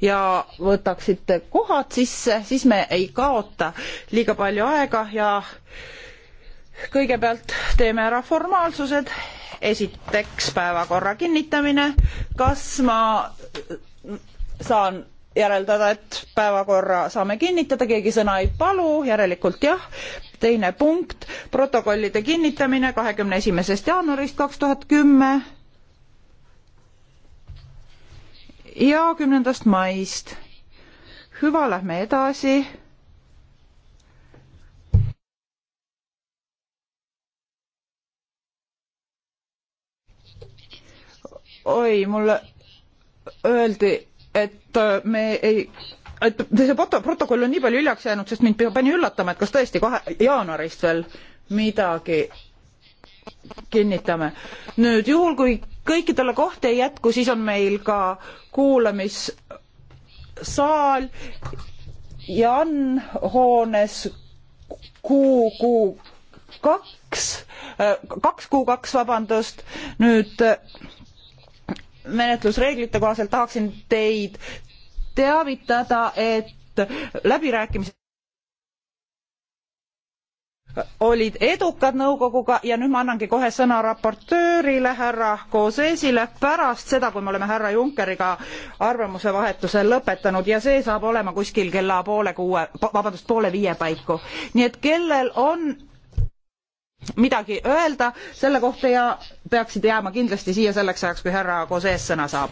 ja võtaksite kohad sisse, siis me ei kaota liiga palju aega ja kõigepealt teeme ära formaalsused. esiteks päevakorra kinnitamine. kas ma saan järeldada, et päevakorra saame kinnitada, keegi sõna ei palu, järelikult jah. teine punkt, protokollide kinnitamine kahekümne esimesest jaanuarist kaks tuhat kümme ja kümnendast maist. hüva, lähme edasi. oi, mulle öeldi, et äh, me ei, et see protokoll on nii palju hiljaks jäänud, sest mind pani üllatama, et kas tõesti kahe jaanuarist veel midagi kinnitame. nüüd juhul, kui kõikidele kohti ei jätku, siis on meil ka kuulamissaal Jan hoones kuu, kuu kaks, äh, kaks kuu kaks, vabandust, nüüd äh, menetlusreeglite kohaselt tahaksin teid teavitada, et läbirääkimised olid edukad nõukoguga ja nüüd ma annangi kohe sõna raportöörile härra Kosesile pärast seda, kui me oleme härra Junckeriga arvamuse vahetuse lõpetanud ja see saab olema kuskil kella poole kuue, vabandust, poole viie paiku. nii et kellel on midagi öelda selle kohta ja peaksid jääma kindlasti siia selleks ajaks, kui härra Koses sõna saab.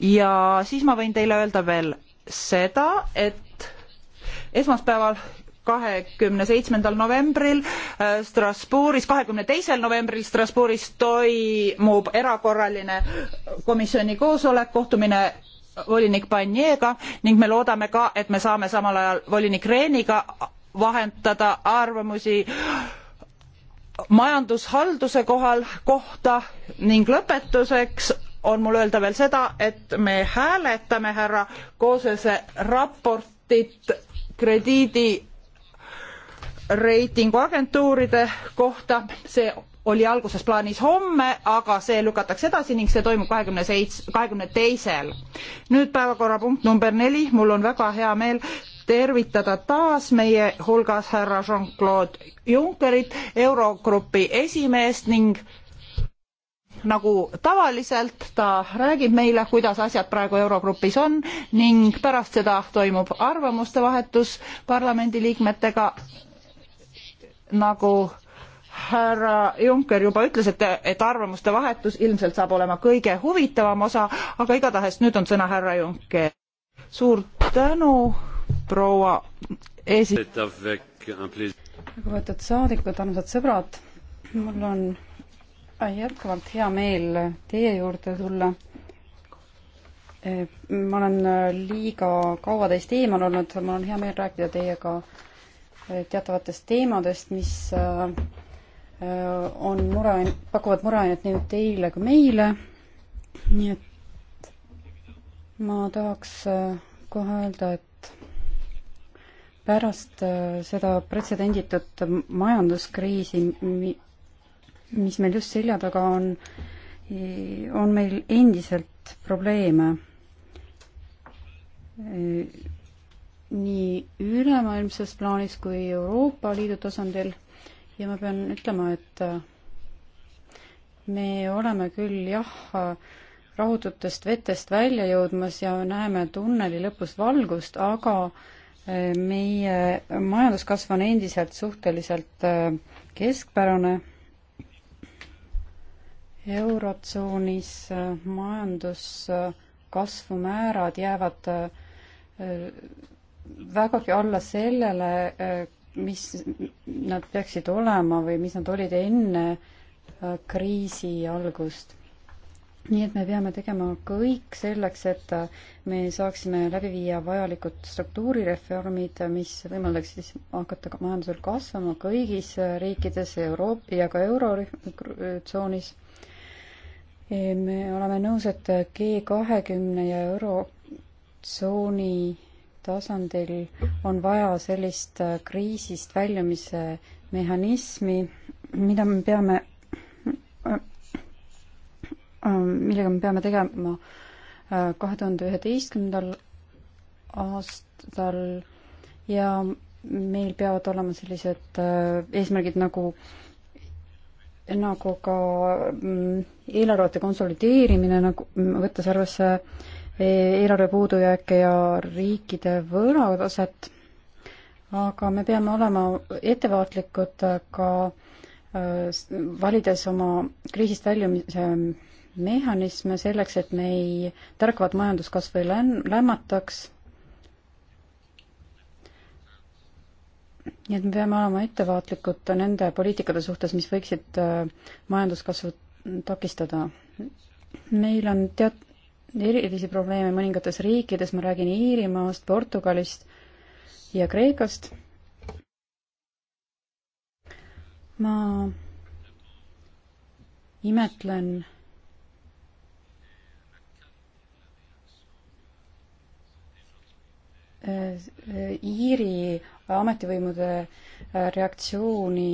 ja siis ma võin teile öelda veel seda, et esmaspäeval kahekümne seitsmendal novembril äh, Strasbourgis, kahekümne teisel novembril Strasbourgis toimub erakorraline komisjoni koosolek, kohtumine volinik Barnier'ga ning me loodame ka, et me saame samal ajal volinik Rehniga vahendada arvamusi majandushalduse kohal, kohta ning lõpetuseks on mul öelda veel seda, et me hääletame härra Koosese raportit krediidi reitinguagentuuride kohta, see oli alguses plaanis homme, aga see lükatakse edasi ning see toimub kahekümne seits-, kahekümne teisel. nüüd päevakorrapunkt number neli, mul on väga hea meel tervitada taas meie hulgas härra Jean-Claude Junckerit, Eurogrupi esimeest ning nagu tavaliselt ta räägib meile, kuidas asjad praegu Eurogrupis on ning pärast seda toimub arvamuste vahetus parlamendiliikmetega nagu härra Juncker juba ütles, et, et arvamuste vahetus ilmselt saab olema kõige huvitavam osa, aga igatahes nüüd on sõna härra Juncker. suur tänu, proua esi-. lugupeetud saadikud, armsad sõbrad, mul on jätkuvalt hea meel teie juurde tulla. Eh, ma olen eh, liiga kaua teist eemal olnud, mul on hea meel rääkida teiega ka teatavatest teemadest, mis äh, on mure, pakuvad mureainet nii teile kui meile. nii et ma tahaks äh, kohe öelda, et pärast äh, seda pretsedenditut majanduskriisi, mis meil just selja taga on, on meil endiselt probleeme nii ülemaailmses plaanis kui Euroopa Liidu tasandil ja ma pean ütlema, et äh, me oleme küll jah, rahututest vetest välja jõudmas ja näeme tunneli lõpus valgust, aga äh, meie majanduskasv on endiselt suhteliselt äh, keskpärane. eurotsoonis majanduskasvu määrad jäävad vägagi alla sellele, mis nad peaksid olema või mis nad olid enne äh, kriisi algust. nii et me peame tegema kõik selleks, et äh, me saaksime läbi viia vajalikud struktuurireformid, äh, mis võimaldaks siis hakata majandusel kasvama kõigis riikides Euroopa ja ka eurotsoonis. me oleme nõus, et G kahekümne ja eurotsooni tasandil on vaja sellist äh, kriisist väljumise mehhanismi, mida me peame, äh, äh, millega me peame tegema kahe tuhande üheteistkümnendal aastal ja meil peavad olema sellised eesmärgid nagu, nagu ka mm, eelarvete konsolideerimine, nagu võttes arvesse äh, eelarve puudujääke ja riikide võlataset, aga me peame olema ettevaatlikud ka äh, valides oma kriisist väljumise mehhanisme selleks, et me ei tärkvat majanduskasvu ei lämm-, lämmataks. nii et me peame olema ettevaatlikud nende poliitikate suhtes, mis võiksid äh, majanduskasvu takistada. meil on teat-, erilisi probleeme mõningates riikides, ma räägin Iirimaast, Portugalist ja Kreekast. ma imetlen Iiri ametivõimude reaktsiooni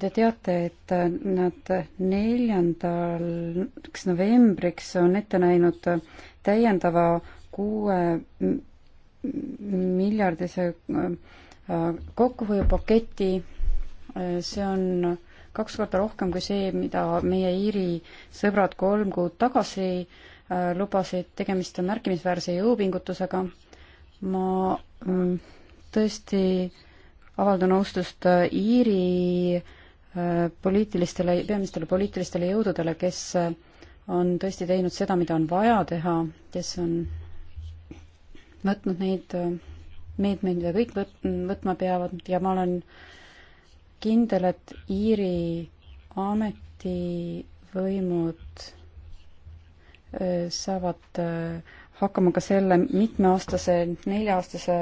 Te teate, et nad neljandaks novembriks on ette näinud täiendava kuue miljardise äh, kokkuhoiupaketi. see on kaks korda rohkem kui see, mida meie Iiri sõbrad kolm kuud tagasi äh, lubasid, tegemist on märkimisväärse jõupingutusega. ma mm, tõesti avaldan austust äh, Iiri poliitilistele, peamistele poliitilistele jõududele, kes on tõesti teinud seda, mida on vaja teha, kes on võtnud neid meetmeid, mida kõik võt-, võtma peavad ja ma olen kindel, et Iiri ametivõimud äh, saavad äh, hakkama ka selle mitmeaastase, nelja-aastase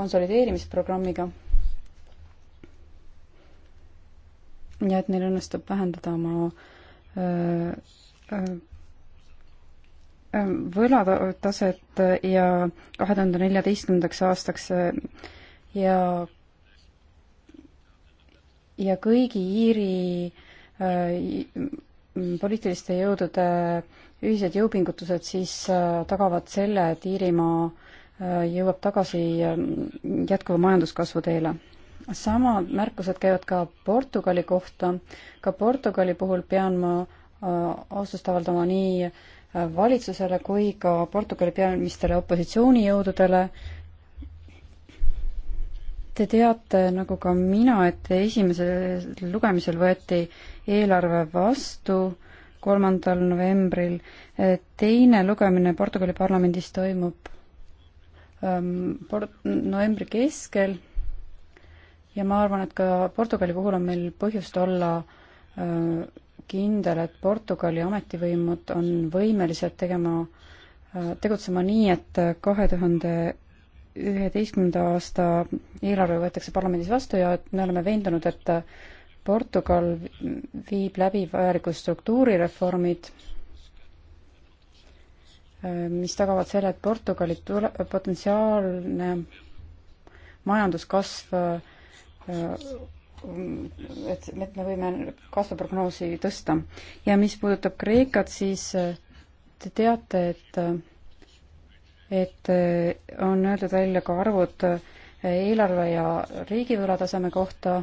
konsolideerimisprogrammiga ja et neil õnnestub vähendada oma võlataset ja kahe tuhande neljateistkümnendaks aastaks ja ja kõigi Iiri äh, poliitiliste jõudude ühised jõupingutused siis äh, tagavad selle, et Iirimaa äh, jõuab tagasi jätkuva majanduskasvu teele samad märkused käivad ka Portugali kohta. ka Portugali puhul pean ma austust äh, avaldama nii äh, valitsusele kui ka Portugali peamistele opositsioonijõududele. Te teate, nagu ka mina, et esimesel lugemisel võeti eelarve vastu kolmandal novembril. teine lugemine Portugali parlamendis toimub ähm, novembri keskel ja ma arvan, et ka Portugali puhul on meil põhjust olla äh, kindel, et Portugali ametivõimud on võimelised tegema, äh, tegutsema nii, et kahe tuhande üheteistkümnenda aasta eelarve võetakse parlamendis vastu ja et me oleme veendunud, et Portugal viib läbi vajalikud struktuurireformid, äh, mis tagavad selle, et Portugali tule-, potentsiaalne majanduskasv Äh, et, et me võime kasvuprognoosi tõsta. ja mis puudutab Kreekat, siis äh, te teate, et, äh, et on öeldud välja ka arvud eelarve ja riigivõla taseme kohta,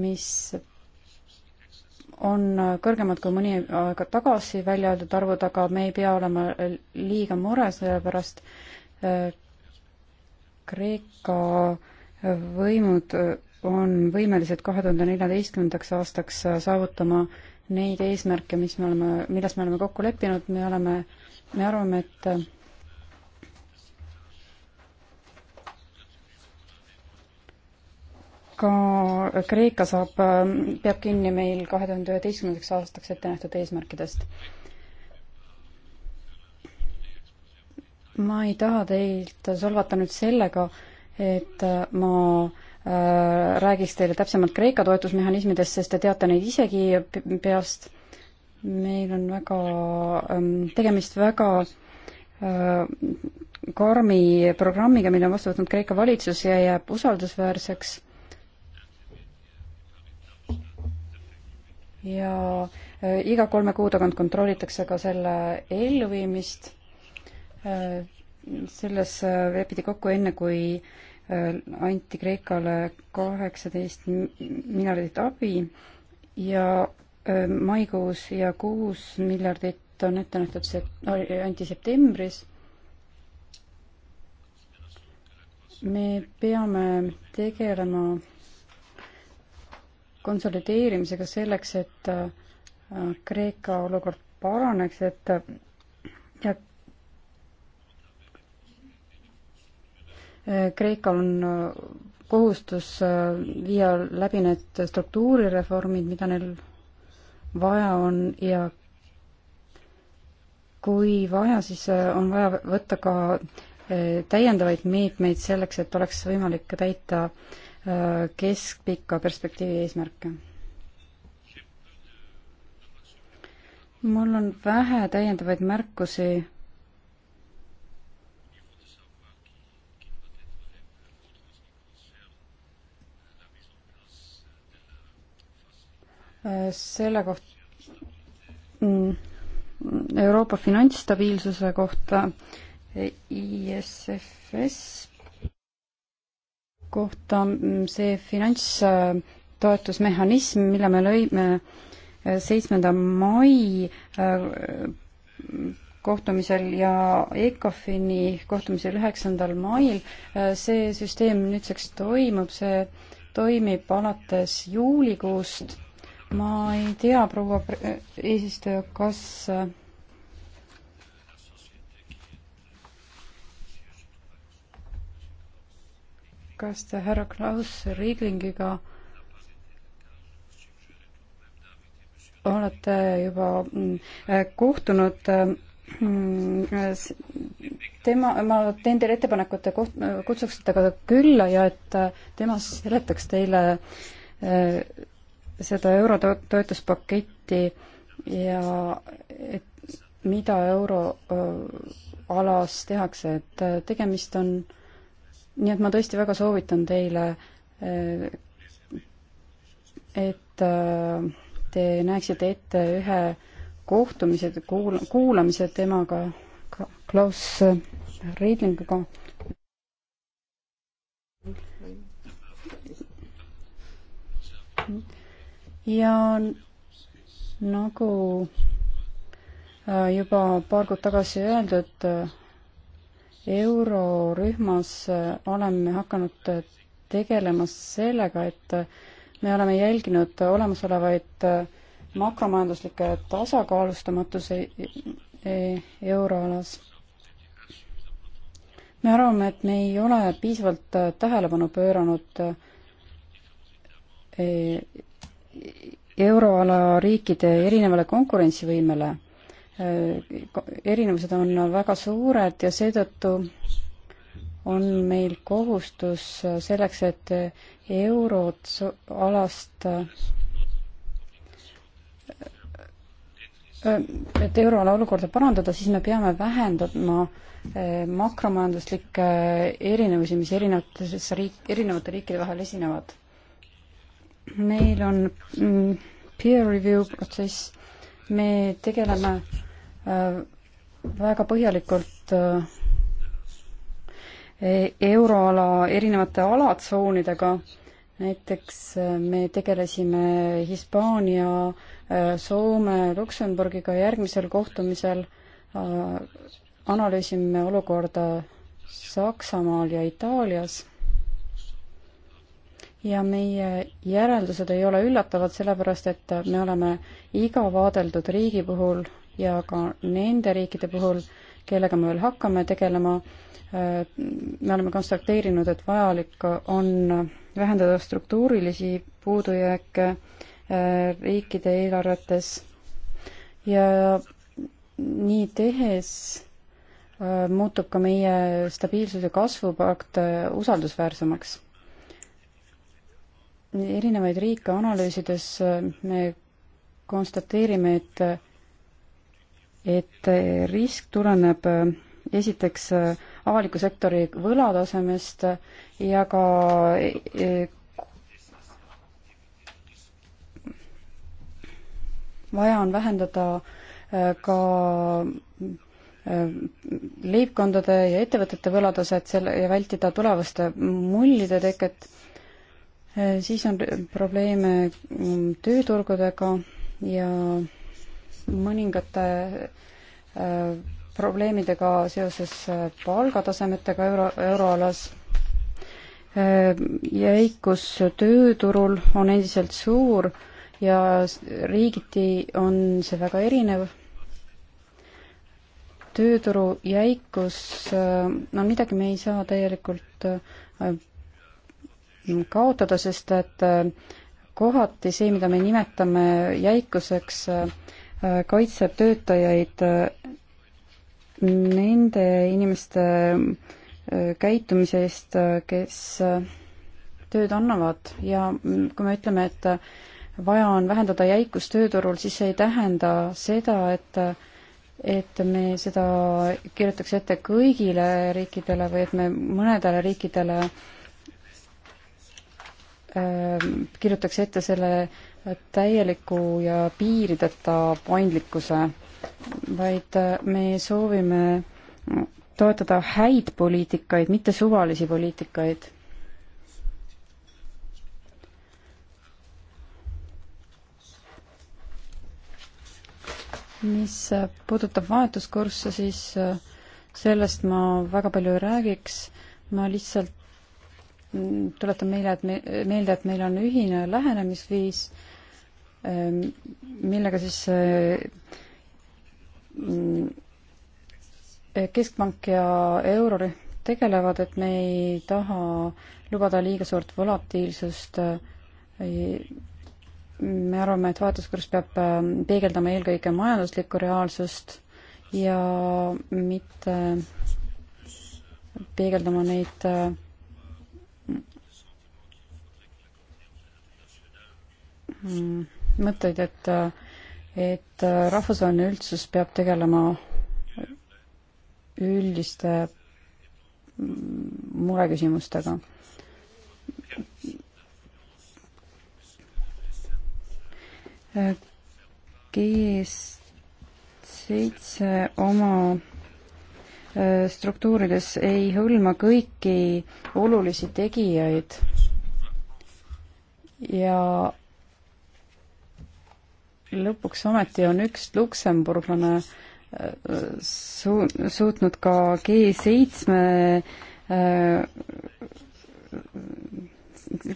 mis on kõrgemad kui mõni aeg tagasi välja öeldud arvud, aga me ei pea olema liiga mures, sellepärast Kreeka äh, võimud on võimelised kahe tuhande neljateistkümnendaks aastaks saavutama neid eesmärke, mis me oleme, milles me oleme kokku leppinud, me oleme, me arvame, et ka Kreeka saab, peab kinni meil kahe tuhande üheteistkümnendaks aastaks ette nähtud eesmärkidest. ma ei taha teilt solvata nüüd sellega, et äh, ma äh, räägiks teile täpsemalt Kreeka toetusmehhanismidest, sest te teate neid isegi peast. meil on väga, ähm, tegemist väga äh, karmi programmiga, mille on vastu võtnud Kreeka valitsus ja jääb usaldusväärseks. ja iga kolme kuu tagant kontrollitakse ka selle elluviimist selles lepiti äh, kokku enne, kui äh, anti Kreekale kaheksateist miljardit abi ja äh, maikuus ja kuus miljardit on ette nähtud sept-, anti septembris. me peame tegelema konsolideerimisega selleks, et Kreeka olukord paraneks, et ja Kreeka on äh, kohustus äh, viia läbi need struktuurireformid, mida neil vaja on ja kui vaja, siis äh, on vaja võtta ka täiendavaid meetmeid selleks, et oleks võimalik täita keskpika perspektiivi eesmärke. mul on vähe täiendavaid märkusi selle kohta, Euroopa finantsstabiilsuse kohta, ISFS kohta, see finantstoetusmehhanism, mille me lõime seitsmenda mai äh, kohtumisel ja ECOFIN-i kohtumisel üheksandal mail. Äh, see süsteem nüüdseks toimub, see toimib alates juulikuust ma ei tea, proua äh, eesistuja, kas äh, kas te härra Klaus Rieglingiga olete juba mm, äh, kohtunud mm, tema, ma teen teile ettepaneku, et te koht-, kutsuksite ka külla ja et tema seletaks teile seda eurotoetuspaketti ja et mida euroalas tehakse, et tegemist on, nii et ma tõesti väga soovitan teile, et te näeksite ette ühe kohtumise, kuul-, kuulamise temaga, Klaus Reidlingiga mm. -hmm ja nagu äh, juba paar kuud tagasi öeldud, äh, eurorühmas äh, oleme hakanud tegelema sellega, et me oleme jälginud olemasolevaid makromajanduslikke tasakaalustamatuse euroalas. me arvame, et me ei ole piisavalt tähelepanu pööranud euroala riikide erinevale konkurentsivõimele. erinevused on väga suured ja seetõttu on meil kohustus selleks, et eurot alast et euroala olukorda parandada, siis me peame vähendama eh, makromajanduslikke erinevusi, mis erinevates riik, erinevate riikide vahel esinevad meil on mm, peer review protsess, me tegeleme äh, väga põhjalikult äh, e-, euroala erinevate alatsoonidega, näiteks äh, me tegelesime Hispaania, Soome, Luksemburgiga järgmisel kohtumisel, analüüsime olukorda Saksamaal ja Itaalias ja meie järeldused ei ole üllatavad, sellepärast et me oleme iga vaadeldud riigi puhul ja ka nende riikide puhul, kellega me veel hakkame tegelema, äh, me oleme konstateerinud, et vajalik on vähendada struktuurilisi puudujääke äh, riikide eelarvetes ja nii tehes äh, muutub ka meie stabiilsuse kasvupakt usaldusväärsemaks erinevaid riike analüüsides äh, me konstateerime, et äh, et äh, risk tuleneb esiteks avaliku sektori võlatasemest ja ka vaja on vähendada ka leibkondade ja ettevõtete võlataset selle ja vältida tulevaste mullide teket Äh, siis on probleeme mm, tööturgudega ja mõningate äh, probleemidega seoses äh, palgatasemetega euro, euroalas. jäikus tööturul on endiselt suur ja riigiti on see väga erinev. tööturu jäikus on no, midagi, me ei saa täielikult kaotada, sest et äh, kohati see, mida me nimetame jäikuseks, äh, kaitseb töötajaid äh, nende inimeste käitumise eest, kes tööd annavad ja kui me ütleme, et vaja on vähendada jäikust tööturul, siis see ei tähenda seda, et et me seda kirjutaks ette kõigile riikidele või et me mõnedele riikidele äh, Äh, kirjutaks ette selle täieliku ja piirideta paindlikkuse, vaid äh, me soovime toetada häid poliitikaid, mitte suvalisi poliitikaid. mis äh, puudutab vahetuskursse, siis sellest ma väga palju ei räägiks, ma lihtsalt tuletan meile, et me, meelde, et meil on ühine lähenemisviis, ähm, millega siis äh, keskpank ja eurorühm tegelevad, et me ei taha lubada liiga suurt volatiilsust. Äh, me arvame, et vahetuskurs peab ähm, peegeldama eelkõige majanduslikku reaalsust ja mitte äh, peegeldama neid Mm, mõtteid, et, et rahvusvaheline üldsus peab tegelema üldiste mureküsimustega. GS seitse oma äh, struktuurides ei hõlma kõiki olulisi tegijaid ja lõpuks ometi on üks luksemburglane äh, su-, suutnud ka G7 äh,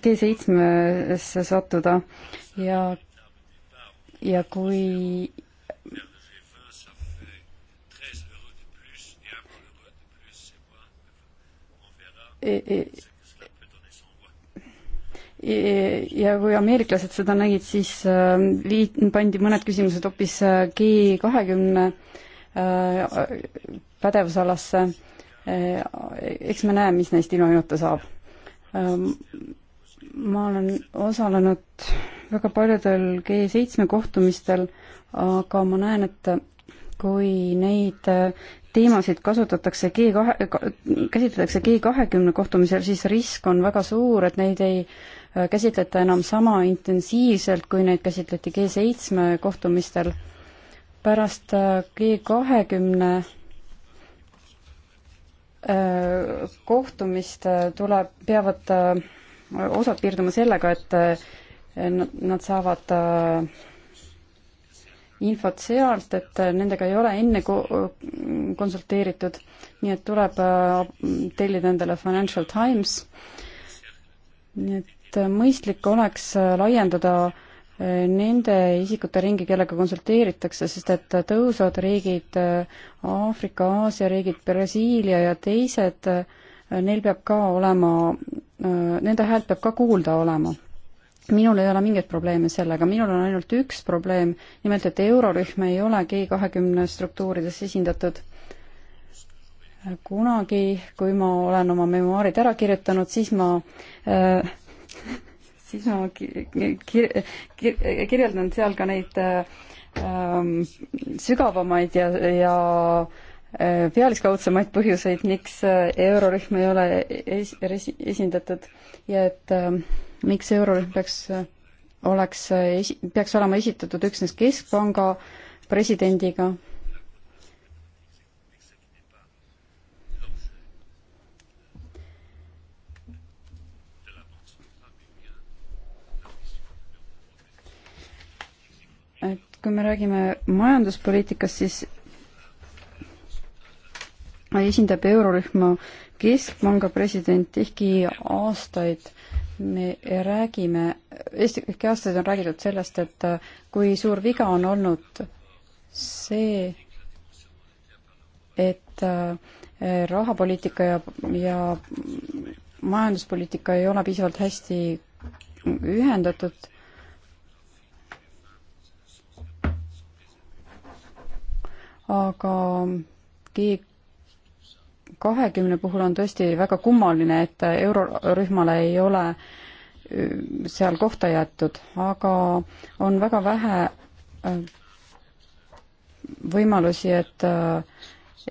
G7-sse sattuda ja, ja kui e, e, ja kui ameeriklased seda nägid, siis liit-, äh, pandi mõned küsimused hoopis äh, G kahekümne äh, pädevusalasse. eks me näe, mis neist ilma minuta saab. Ähm, ma olen osalenud väga paljudel G seitsme kohtumistel, aga ma näen, et kui neid teemasid kasutatakse G kahe, käsitletakse G kahekümne kohtumisel, siis risk on väga suur, et neid ei äh, käsitleta enam sama intensiivselt, kui neid käsitleti G7 kohtumistel. pärast äh, G20 äh, kohtumist äh, tuleb, peavad osad piirduma sellega, et nad saavad infot sealt, et nendega ei ole enne konsulteeritud, nii et tuleb tellida endale Financial Times. nii et et mõistlik oleks laiendada eh, nende isikute ringi, kellega konsulteeritakse, sest et tõusvad riigid, eh, Aafrika, Aasia riigid, Brasiilia ja teised, eh, neil peab ka olema, nende häält peab ka kuulda olema. minul ei ole mingeid probleeme sellega, minul on ainult üks probleem, nimelt et eurorühm ei ole G kahekümne struktuurides esindatud kunagi, kui ma olen oma memuaarid ära kirjutanud, siis ma äh, siis ma kir-, kir-, kir, kirjeldan seal ka neid ähm, sügavamaid ja, ja äh, pealiskaudsemaid põhjuseid, miks äh, eurorühm ei ole es-, res-, esindatud ja et ähm, miks eurorühm peaks, äh, oleks esi-, peaks olema esitatud üksnes keskpanga presidendiga kui me räägime majanduspoliitikast, siis esindab eurorühma keskpanga president, ehkki aastaid me räägime, Eesti, ehkki aastaid on räägitud sellest, et kui suur viga on olnud see, et äh, rahapoliitika ja, ja majanduspoliitika ei ole piisavalt hästi ühendatud aga G kahekümne puhul on tõesti väga kummaline, et eurorühmale ei ole seal kohta jäetud, aga on väga vähe võimalusi, et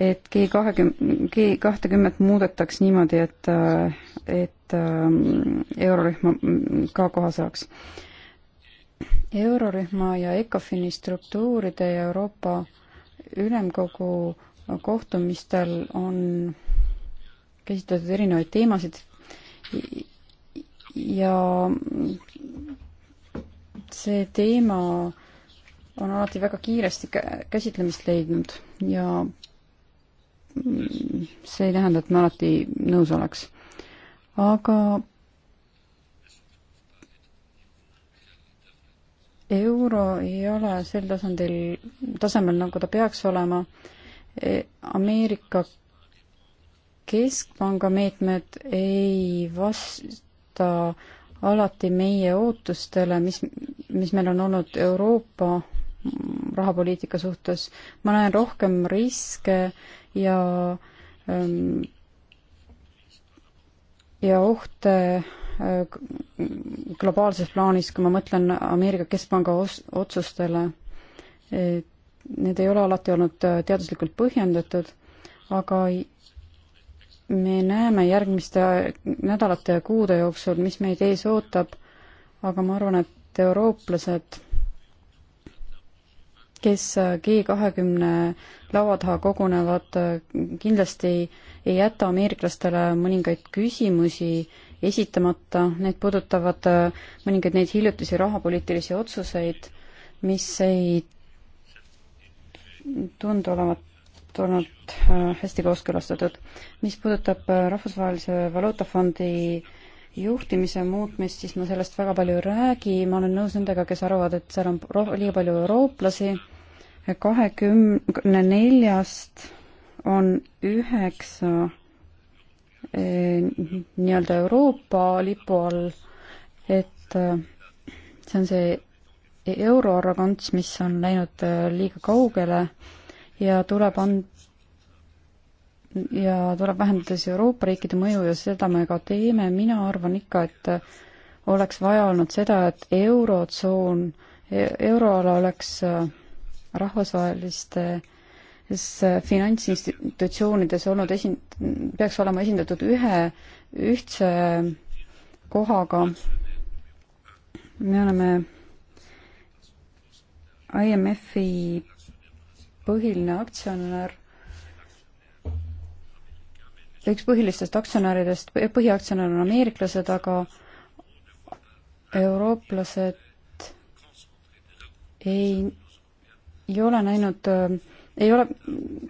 et G kahekümne, G kahtekümmet muudetaks niimoodi, et, et eurorühm ka koha saaks. eurorühma ja ECOFIN-i struktuuride ja Euroopa äh, ülemkogu kohtumistel on käsitletud erinevaid teemasid ja see teema on alati väga kiiresti käsitlemist leidnud ja see ei tähenda, et me alati nõus oleks. aga euro ei ole sel tasandil, tasemel, nagu ta peaks olema. E, Ameerika keskpanga meetmed ei vasta alati meie ootustele, mis, mis meil on olnud Euroopa rahapoliitika suhtes. ma näen rohkem riske ja ähm, ja ohte Äh, globaalses plaanis, kui ma mõtlen Ameerika Keskpanga otsustele, need ei ole alati olnud äh, teaduslikult põhjendatud, aga me näeme järgmiste nädalate ja kuude jooksul, mis meid ees ootab, aga ma arvan, et eurooplased, kes äh, G kahekümne laua taha kogunevad, kindlasti ei jäta ameeriklastele mõningaid küsimusi esitamata, need puudutavad äh, mõningaid neid hiljutisi rahapoliitilisi otsuseid, mis ei tundu olevat olnud äh, hästi kooskõlastatud. mis puudutab äh, Rahvusvahelise Valuutafondi juhtimise muutmist, siis ma sellest väga palju ei räägi, ma olen nõus nendega, kes arvavad, et seal on liiga palju eurooplasi, kahekümne neljast on üheksa 9 Eh, nii-öelda Euroopa lipu all, et eh, see on see euroarrogants, mis on läinud eh, liiga kaugele ja tuleb and-, ja tuleb vähendada siis Euroopa riikide mõju ja seda me ka teeme, mina arvan ikka, et oleks vaja olnud seda, et eurotsoon, e-, euroala oleks rahvusvaheliste äh, Äh, finantsinstitutsioonides olnud esin-, peaks olema esindatud ühe ühtse kohaga. me oleme IMF-i põhiline aktsionär, üks põhilistest aktsionäridest, põhiaktsionär on ameeriklased, aga eurooplased ei, ei ole näinud äh, ei ole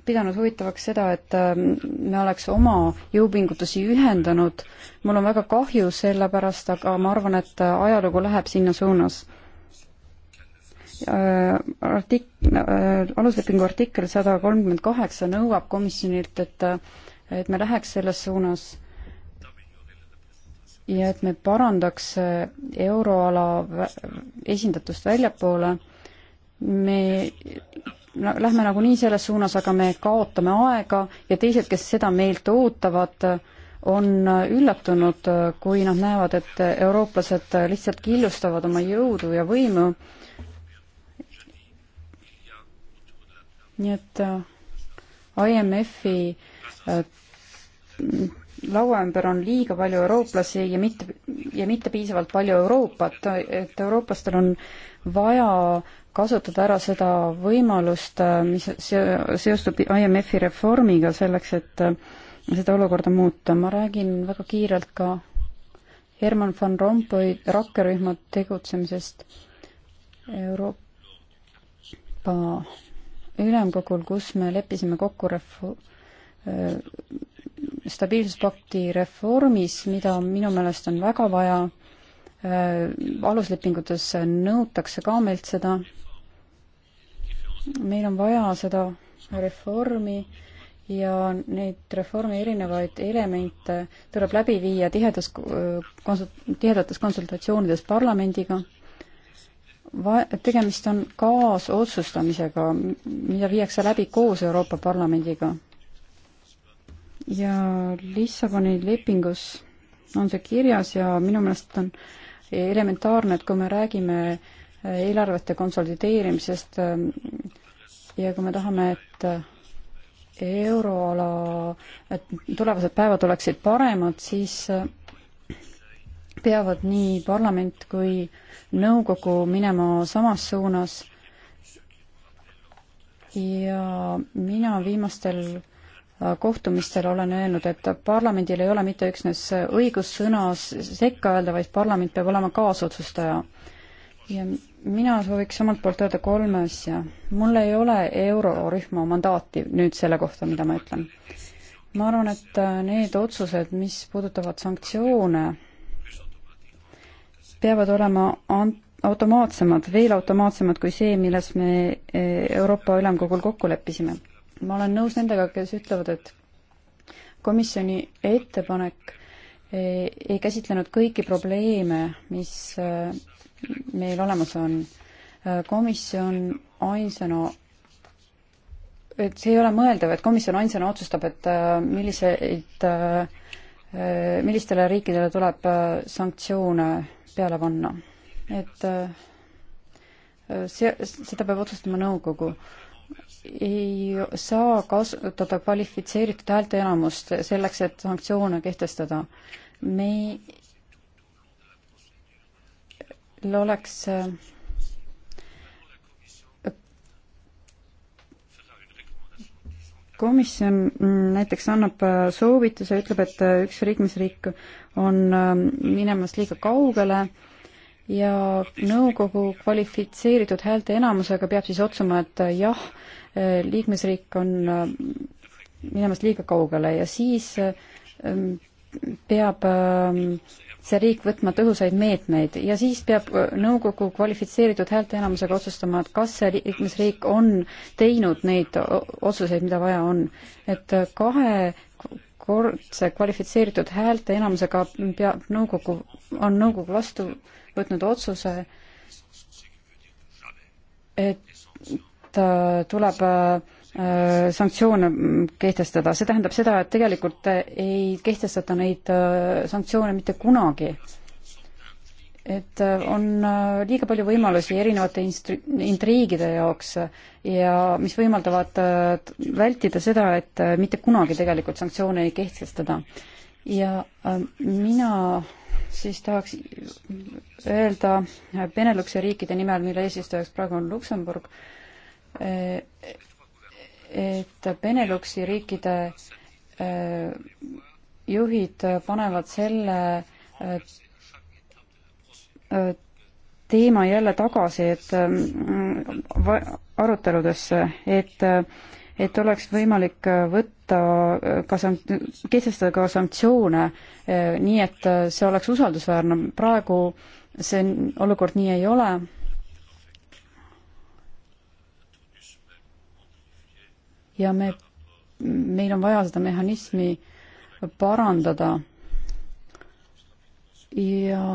pidanud huvitavaks seda, et ähm, me oleks oma jõupingutusi ühendanud. mul on väga kahju selle pärast, aga ma arvan, et äh, ajalugu läheb sinna suunas. Äh, artik-, äh, aluslepingu artikkel sada kolmkümmend kaheksa nõuab komisjonilt, et, et me läheks selles suunas ja et me parandaks euroala esindatust väljapoole. me lähme nagunii selles suunas, aga me kaotame aega ja teised, kes seda meilt ootavad, on üllatunud, kui nad näevad, et eurooplased lihtsalt killustavad oma jõudu ja võimu. nii et äh, IMF-i äh, laua ümber on liiga palju eurooplasi ja mitte, ja mitte piisavalt palju Euroopat, et eurooplastel on vaja kasutada ära seda võimalust, äh, mis seostub IMF-i reformiga selleks, et äh, seda olukorda muuta. ma räägin väga kiirelt ka Herman van Rompuy rakkerühma tegutsemisest Euroopa Ülemkogul, kus me leppisime kokku ref-, Äh, stabiilsuspakti reformis, mida minu meelest on väga vaja. Äh, aluslepingutes nõutakse ka meilt seda. meil on vaja seda reformi ja neid reformi erinevaid elemente tuleb läbi viia tihedas konsult-, tihedates konsultatsioonides parlamendiga. Va-, tegemist on kaasotsustamisega, mida viiakse läbi koos Euroopa Parlamendiga ja Lissaboni lepingus on see kirjas ja minu meelest on elementaarne, et kui me räägime äh, eelarvete konsolideerimisest ähm, ja kui me tahame, et äh, euroala, et tulevased päevad oleksid paremad, siis äh, peavad nii parlament kui nõukogu minema samas suunas ja mina viimastel Äh, kohtumistel olen öelnud, et parlamendil ei ole mitte üksnes õigus sõna sekka öelda, vaid parlament peab olema kaasotsustaja. ja mina sooviks omalt poolt öelda kolme asja. mul ei ole eurorühma mandaati nüüd selle kohta, mida ma ütlen. ma arvan, et äh, need otsused, mis puudutavad sanktsioone, peavad olema ant-, automaatsemad, veel automaatsemad kui see, milles me e, Euroopa Ülemkogul kokku leppisime ma olen nõus nendega, kes ütlevad, et komisjoni ettepanek ei, ei käsitlenud kõiki probleeme, mis e, meil olemas on. E, komisjon ainsana et see ei ole mõeldav, et komisjon ainsana otsustab, et e, milliseid, millistele riikidele tuleb sanktsioone peale panna. et see, seda peab otsustama nõukogu ei saa kasutada kvalifitseeritud häälteenamust selleks, et sanktsioone kehtestada. meil oleks äh, komisjon mm, näiteks annab äh, soovituse, ütleb, et äh, üks liikmesriik on minemas liiga kaugele ja nõukogu kvalifitseeritud häälte enamusega peab siis otsuma, et jah, liikmesriik on minemas liiga kaugele ja siis ähm, peab ähm, see riik võtma tõhusaid meetmeid ja siis peab äh, nõukogu kvalifitseeritud häälteenamusega otsustama, et kas see liikmesriik on teinud neid otsuseid, mida vaja on. et äh, kahekordse kvalifitseeritud häälteenamusega peab nõukogu, on nõukogu vastu võtnud otsuse, et äh, tuleb äh, sanktsioone kehtestada, see tähendab seda, et tegelikult ei kehtestata neid äh, sanktsioone mitte kunagi. et on liiga palju võimalusi erinevate instri-, intriigide jaoks ja mis võimaldavad vältida seda, et mitte kunagi tegelikult sanktsioone ei kehtestada. ja mina siis tahaks öelda Beneluxi riikide nimel, mille eesistujaks praegu on Luksemburg, et Beneluxi riikide äh, juhid panevad selle äh, teema jälle tagasi, et äh, aruteludesse, et, et oleks võimalik võt-, võtta ka sank-, kehtestada ka sanktsioone, nii et see oleks usaldusväärne, praegu see olukord nii ei ole. ja me, meil on vaja seda mehhanismi parandada. ja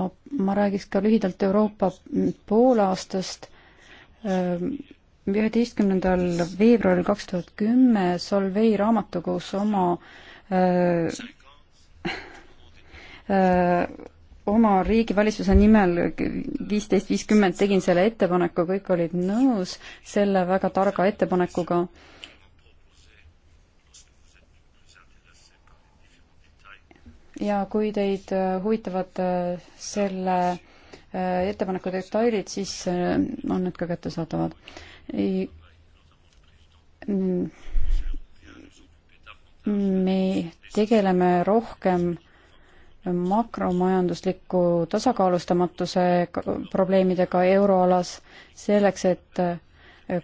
ma räägiks ka lühidalt Euroopa poolaastast üheteistkümnendal veebruaril kaks tuhat kümme Solvei raamatukogus oma öö, äh, öö, äh, oma riigi valitsuse nimel viisteist viiskümmend tegin selle ettepaneku, kõik olid nõus selle väga targa ettepanekuga. ja kui teid äh, huvitavad selle ettepaneku detailid, siis on need ka kättesaadavad me tegeleme rohkem makromajandusliku tasakaalustamatuse probleemidega euroalas selleks, et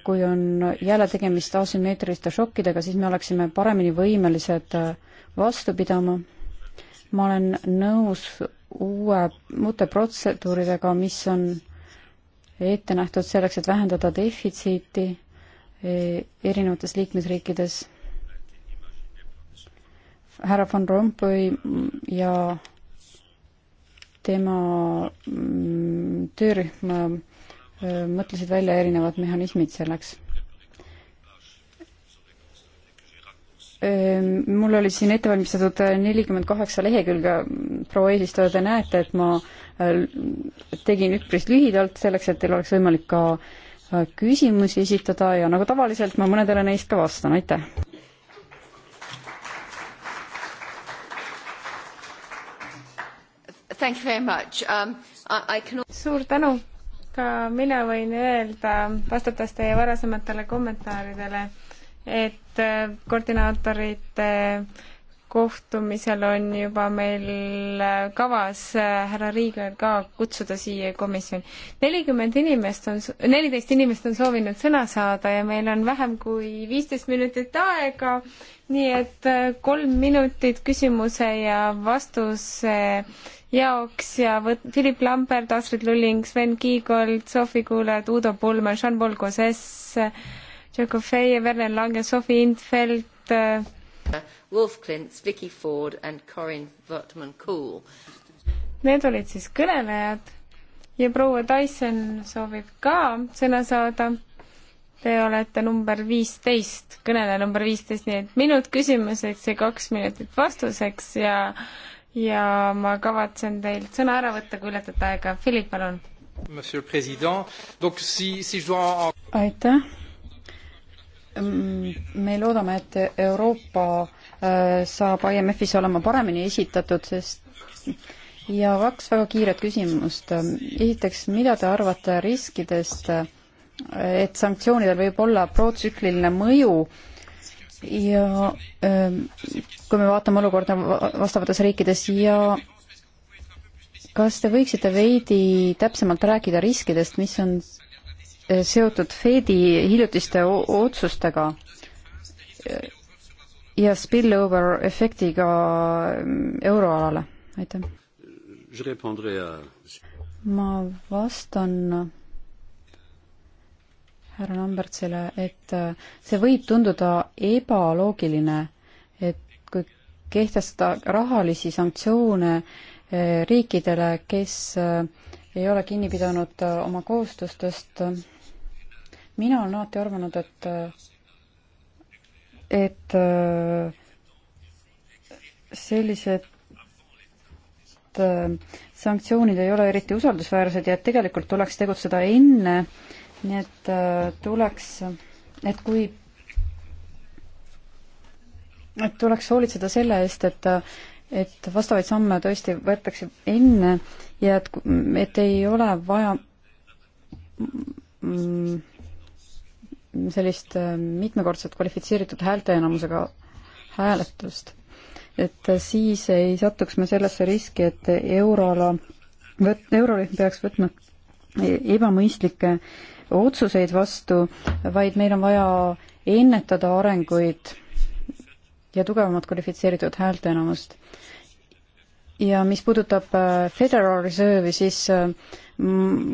kui on jälle tegemist asümmeetriliste šokkidega, siis me oleksime paremini võimelised vastu pidama. ma olen nõus uue, uute protseduuridega, mis on äh, ette nähtud selleks, et vähendada defitsiiti e, erinevates liikmesriikides. härra Van Rompuy ja tema mm, töörühm e, mõtlesid välja erinevad mehhanismid selleks Ehm, mul oli siin ette valmistatud äh, nelikümmend kaheksa lehekülge, proua eesistuja, te näete, et ma äh, tegin üpris lühidalt selleks, et teil oleks võimalik ka äh, küsimusi esitada ja nagu tavaliselt ma mõnedele neist ka vastan, aitäh! Thank you very much um,. I, I can... suur tänu! ka mina võin öelda, vastates teie varasematele kommentaaridele et äh, koordinaatorite kohtumisel on juba meil äh, kavas äh, härra Riigel ka kutsuda siia komisjoni. nelikümmend inimest on, neliteist inimest on soovinud sõna saada ja meil on vähem kui viisteist minutit aega, nii et kolm minutit küsimuse ja vastuse jaoks ja võt-, Philip Lambert, Astrid Lulling, Sven Kiigold, Sofi Kuulajad, Uudo Pulman, Jean-Paul Gosses, Tšeko Feie, Werner Lange, Sofi Intfeld. Äh, Wolf Klints, Vicky Ford and Corin Wortmann-Kool. Need olid siis kõnelejad ja proua Tyson soovib ka sõna saada. Te olete number viisteist, kõneleja number viisteist, nii et minut küsimuseks ja kaks minutit vastuseks ja ja ma kavatsen teilt sõna ära võtta, kui ületate aega. Philipp, palun. aitäh Mm, me loodame, et Euroopa äh, saab IMF-is olema paremini esitatud, sest ja kaks väga kiiret küsimust. esiteks, mida te arvate riskidest, et sanktsioonidel võib olla protsükliline mõju ja ähm, kui me vaatame olukorda vastavates riikides ja kas te võiksite veidi täpsemalt rääkida riskidest, mis on seotud Fedi hiljutiste otsustega ja spillover efektiga mm, euroalale, aitäh. ma vastan härra Lambertsile, et äh, see võib tunduda ebaloogiline, et kui kehtestada rahalisi sanktsioone äh, riikidele, kes äh, ei ole kinni pidanud oma kohustustest, mina olen alati arvanud, et, et äh, sellised äh, sanktsioonid ei ole eriti usaldusväärsed ja et tegelikult tuleks tegutseda enne, nii et äh, tuleks, et kui, et tuleks hoolitseda selle eest, et et vastavaid samme tõesti võetakse enne ja et, et ei ole vaja mm, sellist äh, mitmekordset kvalifitseeritud häälteenamusega hääletust. et siis ei satuks me sellesse riski, et euroala, eurorühm peaks võtma e-, ebamõistlikke otsuseid vastu, vaid meil on vaja ennetada arenguid ja tugevamat kvalifitseeritud häälteenamust ja mis puudutab äh, Federal Reserve'i, siis äh,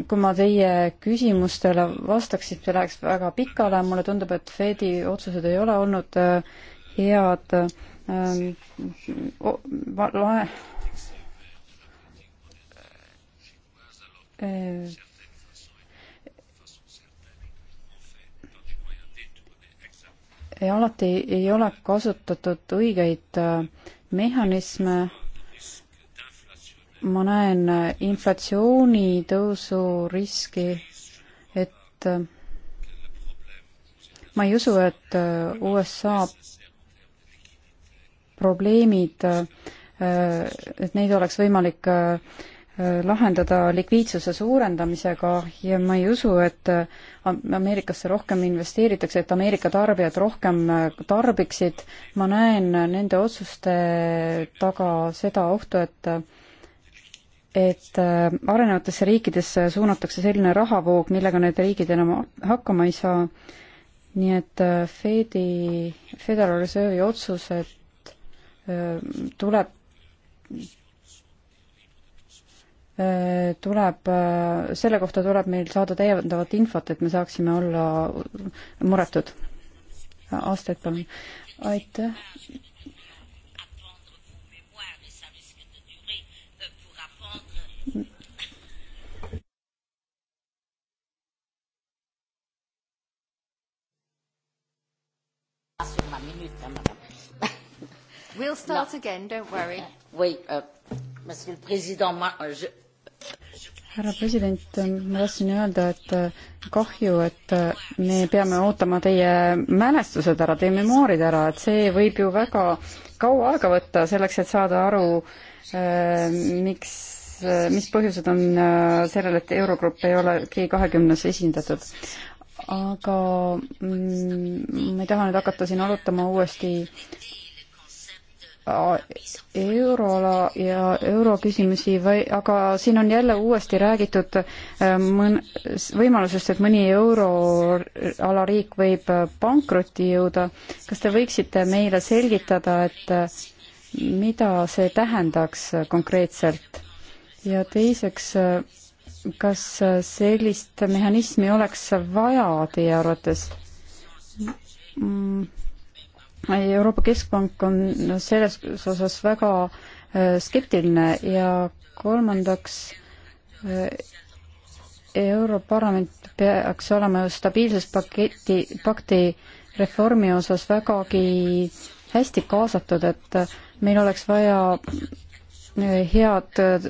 kui ma teie küsimustele vastaksin, see läheks väga pikale, mulle tundub, et Fedi otsused ei ole olnud äh, head lae- ja alati ei ole kasutatud õigeid mehhanisme ma näen inflatsiooni tõusu riski, et ma ei usu, et USA probleemid, et neid oleks võimalik lahendada likviidsuse suurendamisega ja ma ei usu, et Ameerikasse rohkem investeeritakse, et Ameerika tarbijad rohkem tarbiksid. ma näen nende otsuste taga seda ohtu, et et äh, arenevatesse riikidesse suunatakse selline rahavoog, millega need riigid enam hakkama ei saa. nii et äh, Fedi, Federal Reserve'i otsused äh, tuleb, tuleb, selle kohta tuleb meil saada täiendavat infot, et me saaksime olla muretud. Astet, palun. aitäh We'll start no. again, don't worry. Oui, euh, Monsieur le Président, ma, euh, je... härra president, ma tahtsin öelda, et äh, kahju, et äh, me peame ootama teie mälestused ära, teie memoorid ära, et see võib ju väga kaua aega võtta selleks, et saada aru äh,, miks, äh, mis põhjused on sellel, et Eurogrupp ei ole G kahekümnes esindatud aga mm, ma ei taha nüüd hakata siin arutama uuesti euroala ja euro küsimusi või, aga siin on jälle uuesti räägitud äh, mõn-, võimalusest, et mõni euroala riik võib äh, pankrotti jõuda. kas te võiksite meile selgitada, et äh, mida see tähendaks konkreetselt? ja teiseks, kas sellist mehhanismi oleks vaja teie arvates mm.? Euroopa Keskpank on selles osas väga äh, skeptiline ja kolmandaks äh, Europarlament peaks olema stabiilsuspaketi, pakti reformi osas vägagi hästi kaasatud, et äh, meil oleks vaja head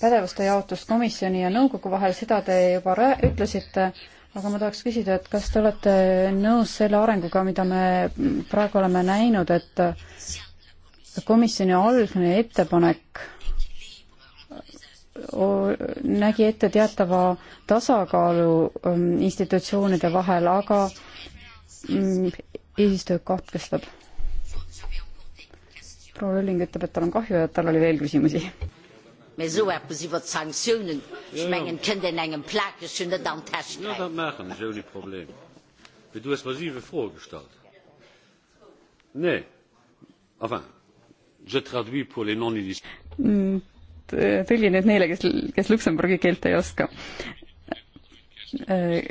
pädevuste jaotust komisjoni ja nõukogu vahel, seda te juba ütlesite aga ma tahaks küsida, et kas te olete nõus selle arenguga, mida me praegu oleme näinud, et komisjoni algne ettepanek nägi ette teatava tasakaalu ähm, institutsioonide vahel, aga mm, eesistuja katkestab. proua Jolling ütleb, et tal on kahju ja tal oli veel küsimusi Maar zo hebben ze wat sanctionen. Als men een kind in een plaatje zullen dan testen. Ja, dat maken, zo niet probleem. Maar du hast massive Fragen gestellt. Nee. Enfin, je traduis pour les non-illustrés. Mm, tõlgin nüüd neile, kes, kes luksemburgi keelt ei oska äh,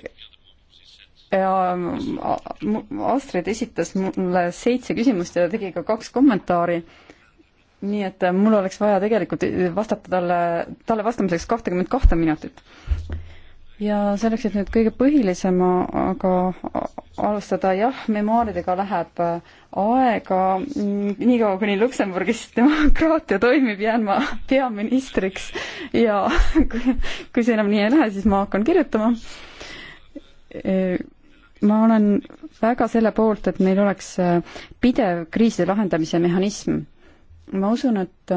ja mm, Astrid esitas mulle seitse küsimust ja tegi ka kaks kommentaari äh, nii et äh, mul oleks vaja tegelikult äh, vastata talle, talle vastamiseks kahtekümmet kahte minutit. ja selleks, et nüüd kõige põhilisema aga alustada, jah, memuaaridega läheb äh, aega, niikaua kuni Luksemburgis demokraatia toimib, jään ma peaministriks ja kui, kui see enam nii ei lähe, siis ma hakkan kirjutama. ma olen väga selle poolt, et meil oleks pidev kriiside lahendamise mehhanism ma usun, et,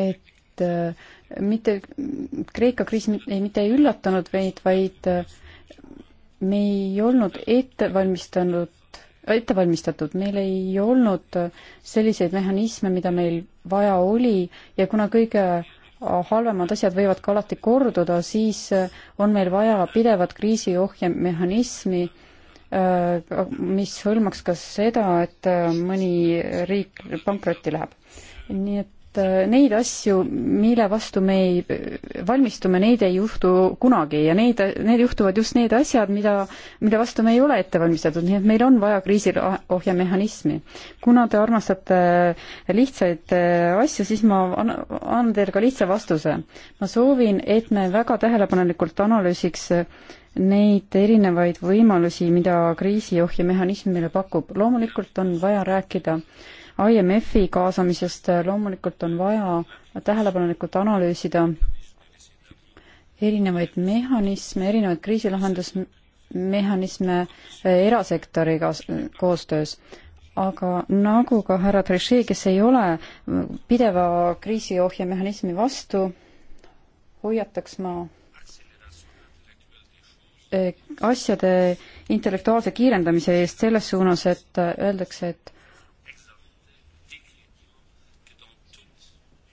et äh, mitte Kreeka kriis ei, mitte ei üllatanud meid, vaid äh, me ei olnud ettevalmistanud ettevalmistatud, meil ei olnud äh, selliseid mehhanisme, mida meil vaja oli ja kuna kõige halvemad asjad võivad ka alati korduda, siis on meil vaja pidevat kriisi ohjamehhanismi Äh, mis hõlmaks ka seda, et äh, mõni riik pankrotti läheb. nii et äh, neid asju, mille vastu me ei valmistume, neid ei juhtu kunagi ja neid, need juhtuvad just need asjad, mida, mille vastu me ei ole ette valmistatud, nii et meil on vaja kriisiohjemehhanismi. kuna te armastate lihtsaid asju, siis ma annan teile ka lihtsa vastuse. ma soovin, et me väga tähelepanelikult analüüsiks neid erinevaid võimalusi, mida kriisiohjemehhanism meile pakub. loomulikult on vaja rääkida IMF-i kaasamisest, loomulikult on vaja tähelepanelikult analüüsida erinevaid mehhanisme, erinevaid kriisilahendusmehhanisme eh, erasektoriga koostöös aga nagu ka härra Trichet, kes ei ole eh, pideva kriisiohjemehhanismi vastu, hoiataks ma asjade intellektuaalse kiirendamise eest selles suunas, et öeldakse, et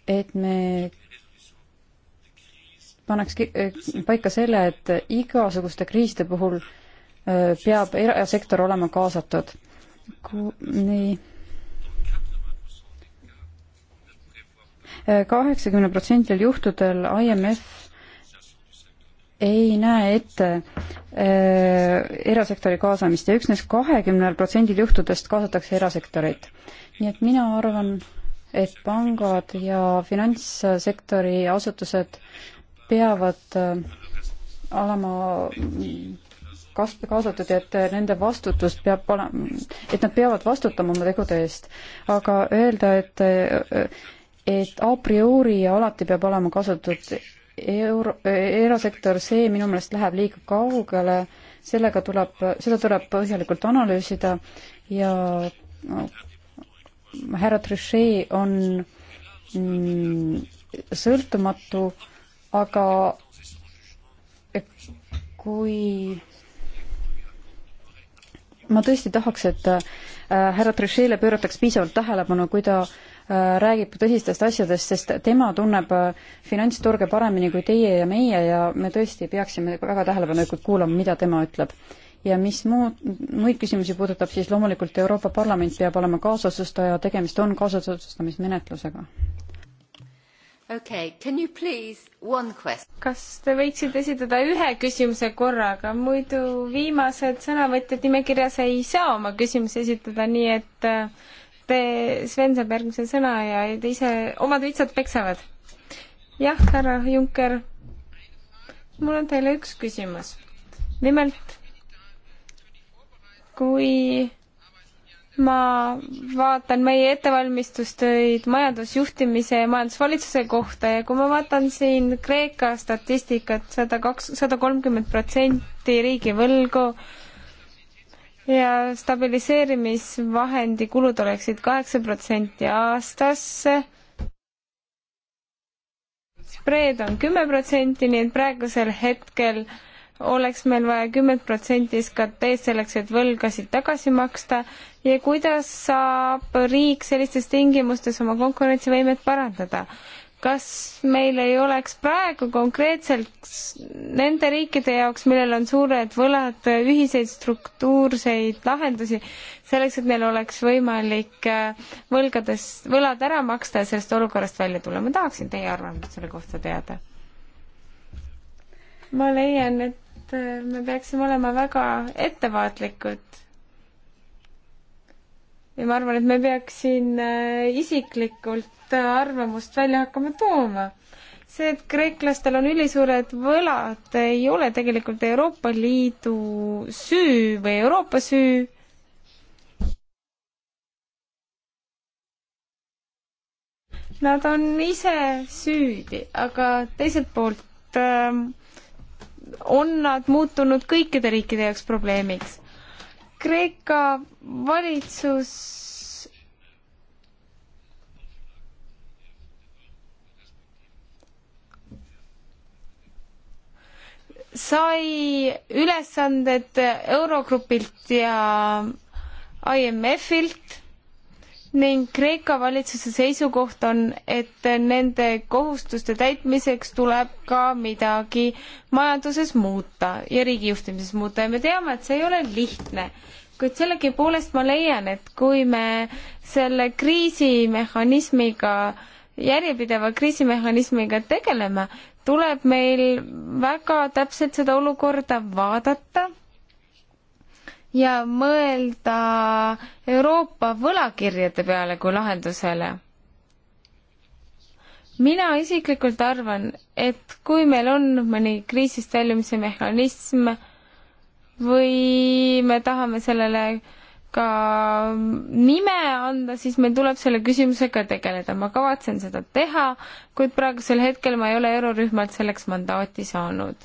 et me paneks paika selle, et igasuguste kriiside puhul peab erasektor olema kaasatud. nii. kaheksakümne protsendil juhtudel IMF ei näe ette äh, erasektori kaasamist ja üksnes kahekümnel protsendil juhtudest kaasatakse erasektorit. nii et mina arvan, et pangad ja finantssektori asutused peavad äh, olema kas-, kaasatud ja et nende vastutus peab olema, et nad peavad vastutama oma tegude eest. aga öelda, et äh, et a priori ja alati peab olema kasutatud euro, erasektor, see minu meelest läheb liiga kaugele, sellega tuleb, seda tuleb põhjalikult analüüsida ja no, härra Trichet on mm, sõltumatu, aga kui ma tõesti tahaks, et äh, härra Trichele pöörataks piisavalt tähelepanu, kui ta äh, Äh, räägib tõsistest asjadest, sest tema tunneb äh, finantsturge paremini kui teie ja meie ja me tõesti peaksime väga tähelepanelikult kuulama, mida tema ütleb. ja mis muud, muid küsimusi puudutab, siis loomulikult Euroopa Parlament peab olema kaasotsustaja, tegemist on kaasotsustamismenetlusega. Okay, can you please one question? kas te võiksite esitada ühe küsimuse korraga, muidu viimased sõnavõtjad nimekirjas ei saa oma küsimusi esitada, nii et äh, Te, Sven saab järgmise sõna ja te ise, omad vitsad peksavad. jah, härra Juncker, mul on teile üks küsimus. nimelt, kui ma vaatan meie ettevalmistustöid majandusjuhtimise ja majandusvalitsuse kohta ja kui ma vaatan siin Kreeka statistikat, sada kaks, sada kolmkümmend protsenti riigivõlgu, riigi võlgu, ja stabiliseerimisvahendi kulud oleksid kaheksa protsenti aastas. spreed on kümme protsenti, nii et praegusel hetkel oleks meil vaja kümmet protsenti SKT-st selleks, et võlgasid tagasi maksta ja kuidas saab riik sellistes tingimustes oma konkurentsivõimet parandada? kas meil ei oleks praegu konkreetselt nende riikide jaoks, millel on suured võlad, ühiseid struktuurseid lahendusi, selleks et neil oleks võimalik äh, võlgades, võlad ära maksta ja sellest olukorrast välja tulla. ma tahaksin teie arvamust selle kohta teada. ma leian, et äh, me peaksime olema väga ettevaatlikud ja ma arvan, et me peaks siin äh, isiklikult äh, arvamust välja hakkama tooma. see, et kreeklastel on ülisuured võlad, ei ole tegelikult Euroopa Liidu süü või Euroopa süü. Nad on ise süüdi, aga teiselt poolt äh, on nad muutunud kõikide riikide jaoks probleemiks Kreeka valitsus sai ülesanded Eurogrupilt ja IMF-ilt ning Kreeka valitsuse seisukoht on, et nende kohustuste täitmiseks tuleb ka midagi majanduses muuta ja riigijuhtimises muuta ja me teame, et see ei ole lihtne. kuid sellegipoolest ma leian, et kui me selle kriisimehhanismiga, järjepideva kriisimehhanismiga tegeleme, tuleb meil väga täpselt seda olukorda vaadata ja mõelda Euroopa võlakirjade peale kui lahendusele. mina isiklikult arvan, et kui meil on mõni kriisist väljumise mehhanism või me tahame sellele ka nime anda, siis meil tuleb selle küsimusega tegeleda. ma kavatsen seda teha, kuid praegusel hetkel ma ei ole eurorühmalt selleks mandaati saanud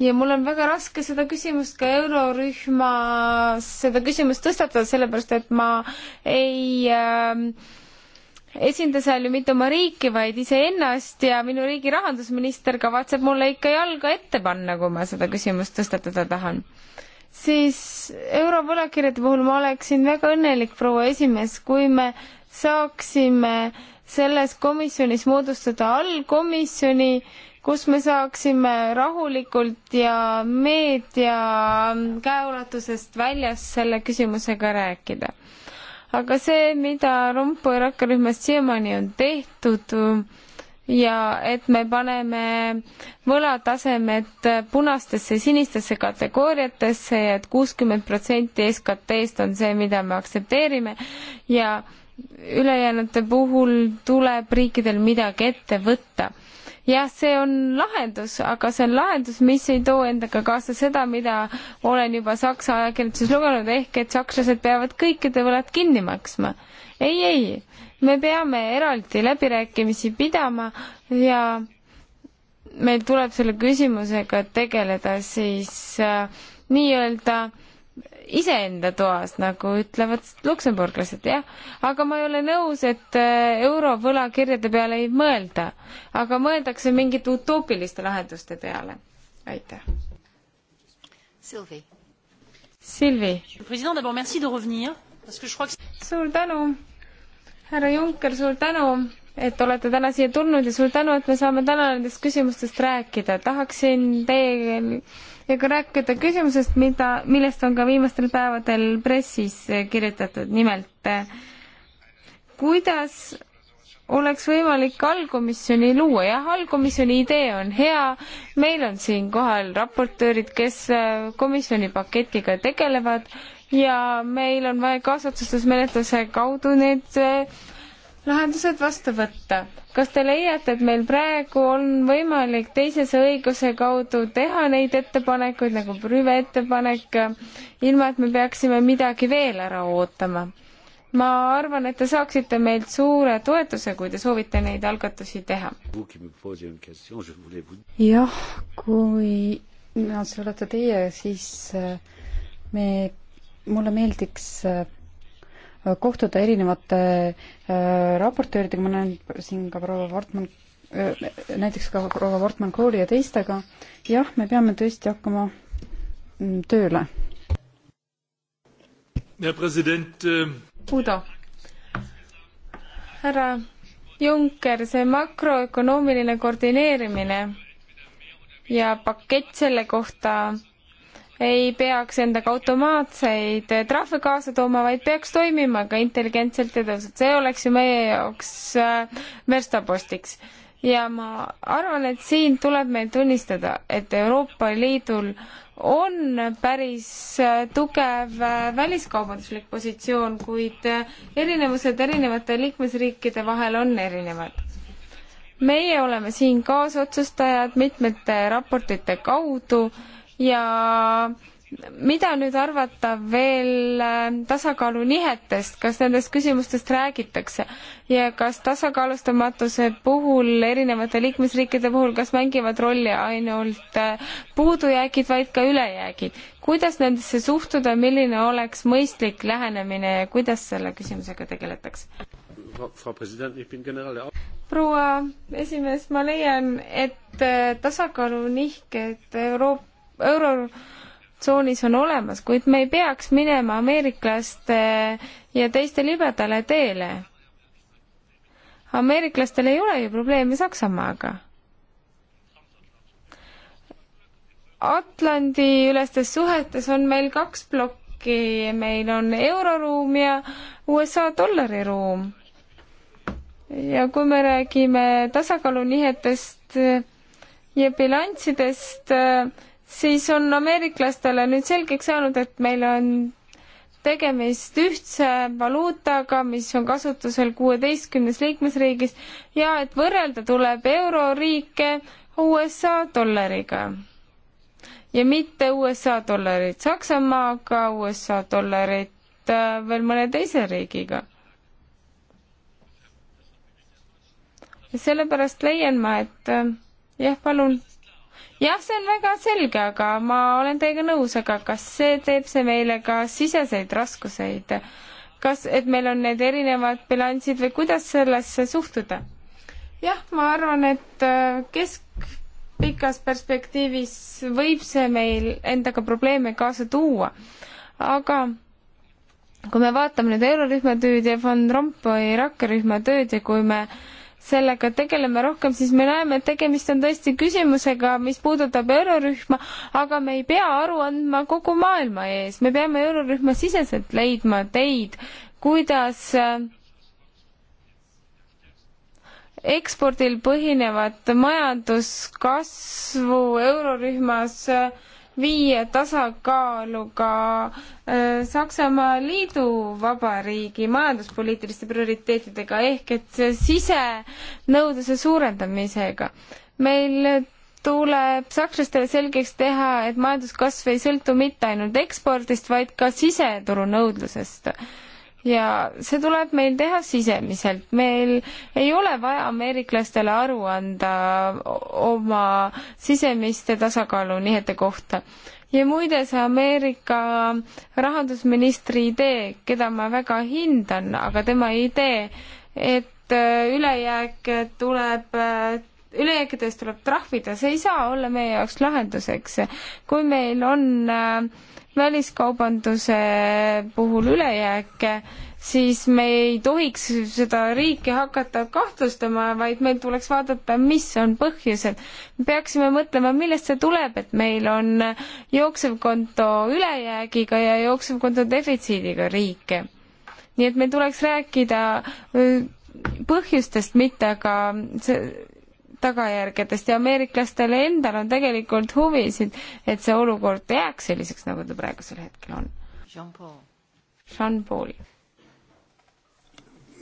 ja mul on väga raske seda küsimust ka eurorühmas, seda küsimust tõstatada, sellepärast et ma ei äh, esinda seal ju mitte oma riiki, vaid iseennast ja minu riigi rahandusminister kavatseb mulle ikka jalga ette panna, kui ma seda küsimust tõstatada tahan. siis eurovõlakirjade puhul ma oleksin väga õnnelik, proua esimees, kui me saaksime selles komisjonis moodustada allkomisjoni, kus me saaksime rahulikult ja meedia käeulatusest väljas selle küsimusega rääkida. aga see, mida Rumpu ja rakkerühmast siiamaani on tehtud ja et me paneme võlatasemed punastesse ja sinistesse kategooriatesse ja et kuuskümmend protsenti SKT-st on see, mida me aktsepteerime ja ülejäänute puhul tuleb riikidel midagi ette võtta jah, see on lahendus, aga see on lahendus, mis ei too endaga kaasa seda, mida olen juba saksa ajakirjanduses lugenud, ehk et sakslased peavad kõikide võlad kinni maksma. ei, ei, me peame eraldi läbirääkimisi pidama ja meil tuleb selle küsimusega tegeleda siis äh, nii-öelda äh, iseenda toas, nagu ütlevad luksemburglased, jah. aga ma ei ole nõus, et äh, eurovõlakirjade peale ei mõelda, aga mõeldakse mingite utoopiliste lahenduste peale. aitäh. Sylvie. Sylvie. suur tänu, härra Juncker, suur tänu, et olete täna siia tulnud ja suur tänu, et me saame täna nendest küsimustest rääkida. tahaksin teie ja kui rääkida küsimusest, mida, millest on ka viimastel päevadel pressis eh, kirjutatud, nimelt eh, kuidas oleks võimalik allkomisjoni luua, jah, allkomisjoni idee on hea, meil on siinkohal raportöörid, kes eh, komisjoni paketiga tegelevad ja meil on vaja kaasotsustusmenetluse kaudu need äh, lahendused vastu võtta. kas te leiate, et meil praegu on võimalik teisese õiguse kaudu teha neid ettepanekuid nagu Prüve ettepanek, ilma et me peaksime midagi veel ära ootama? ma arvan, et te saaksite meilt suure toetuse, kui te soovite neid algatusi teha. jah, kui no, see olete teie, siis äh, me, mulle meeldiks äh, kohtuda erinevate äh, raportööridega, ma näen siin ka proua Wortmann, äh, näiteks ka proua Wortmann-Kooli ja teistega, jah, me peame tõesti hakkama mm, tööle. härra president. Äh, Udo. härra Juncker, see makroökonoomiline koordineerimine ja pakett selle kohta ei peaks endaga automaatseid trahve kaasa tooma, vaid peaks toimima ka intelligentselt ja tõusvalt. see oleks ju meie jaoks äh, verstapostiks. ja ma arvan, et siin tuleb meil tunnistada, et Euroopa Liidul on päris äh, tugev äh, väliskaubanduslik positsioon, kuid erinevused erinevate liikmesriikide vahel on erinevad. meie oleme siin kaasotsustajad mitmete raportite kaudu ja mida nüüd arvata veel äh, tasakaalunihetest, kas nendest küsimustest räägitakse ja kas tasakaalustamatuse puhul erinevate liikmesriikide puhul, kas mängivad rolli ainult äh, puudujäägid, vaid ka ülejäägid? kuidas nendesse suhtuda, milline oleks mõistlik lähenemine ja kuidas selle küsimusega tegeletakse? proua esimees, ma leian, et äh, tasakaalunihked Euroopa eurotsoonis on olemas, kuid me ei peaks minema ameeriklaste ja teiste libedale teele. ameeriklastel ei ole ju probleemi Saksamaaga Atlandi ülestes suhetes on meil kaks plokki, meil on euroruum ja USA dollariruum. ja kui me räägime tasakaalunihetest ja bilanssidest, siis on ameeriklastele nüüd selgeks saanud, et meil on tegemist ühtse valuutaga, mis on kasutusel kuueteistkümnes liikmesriigis ja et võrrelda tuleb euroriike USA dollariga. ja mitte USA dollarit Saksamaaga, USA dollarit äh, veel mõne teise riigiga. ja sellepärast leian ma, et äh, jah, palun jah, see on väga selge, aga ma olen teiega nõus, aga kas see teeb see meile ka siseseid raskuseid? kas, et meil on need erinevad bilansid või kuidas sellesse suhtuda? jah, ma arvan, et äh, keskpikas perspektiivis võib see meil endaga probleeme kaasa tuua, aga kui me vaatame nüüd eurorühma tööd ja Van Rompuy rakkerühma tööd ja kui me äh, sellega tegeleme rohkem, siis me näeme, et tegemist on tõesti küsimusega, mis puudutab eurorühma, aga me ei pea aru andma kogu maailma ees, me peame eurorühma siseselt leidma teid, kuidas äh, ekspordil põhinevat majanduskasvu eurorühmas äh, viia tasakaaluga äh, Saksamaa Liiduvabariigi majanduspoliitiliste prioriteetidega ehk et sisenõudluse suurendamisega. meil tuleb sakslastele selgeks teha, et majanduskasv ei sõltu mitte ainult ekspordist, vaid ka siseturu nõudlusest ja see tuleb meil teha sisemiselt, meil ei ole vaja ameeriklastele aru anda oma sisemiste tasakaalunihete kohta. ja muide, see Ameerika rahandusministri idee, keda ma väga hindan, aga tema idee, et äh, ülejääk tuleb äh, ülejääkides tuleb trahvida, see ei saa olla meie jaoks lahenduseks. kui meil on äh, väliskaubanduse puhul ülejääke, siis me ei tohiks seda riiki hakata kahtlustama, vaid meil tuleks vaadata, mis on põhjused. me peaksime mõtlema, millest see tuleb, et meil on jooksevkonto ülejäägiga ja jooksevkonto defitsiidiga riike. nii et meil tuleks rääkida äh, põhjustest, mitte aga tagajärgedest ja ameeriklastel endal on tegelikult huvisid, et see olukord jääks selliseks, nagu ta praegusel hetkel on. Jean-Paul. Jean-Paul.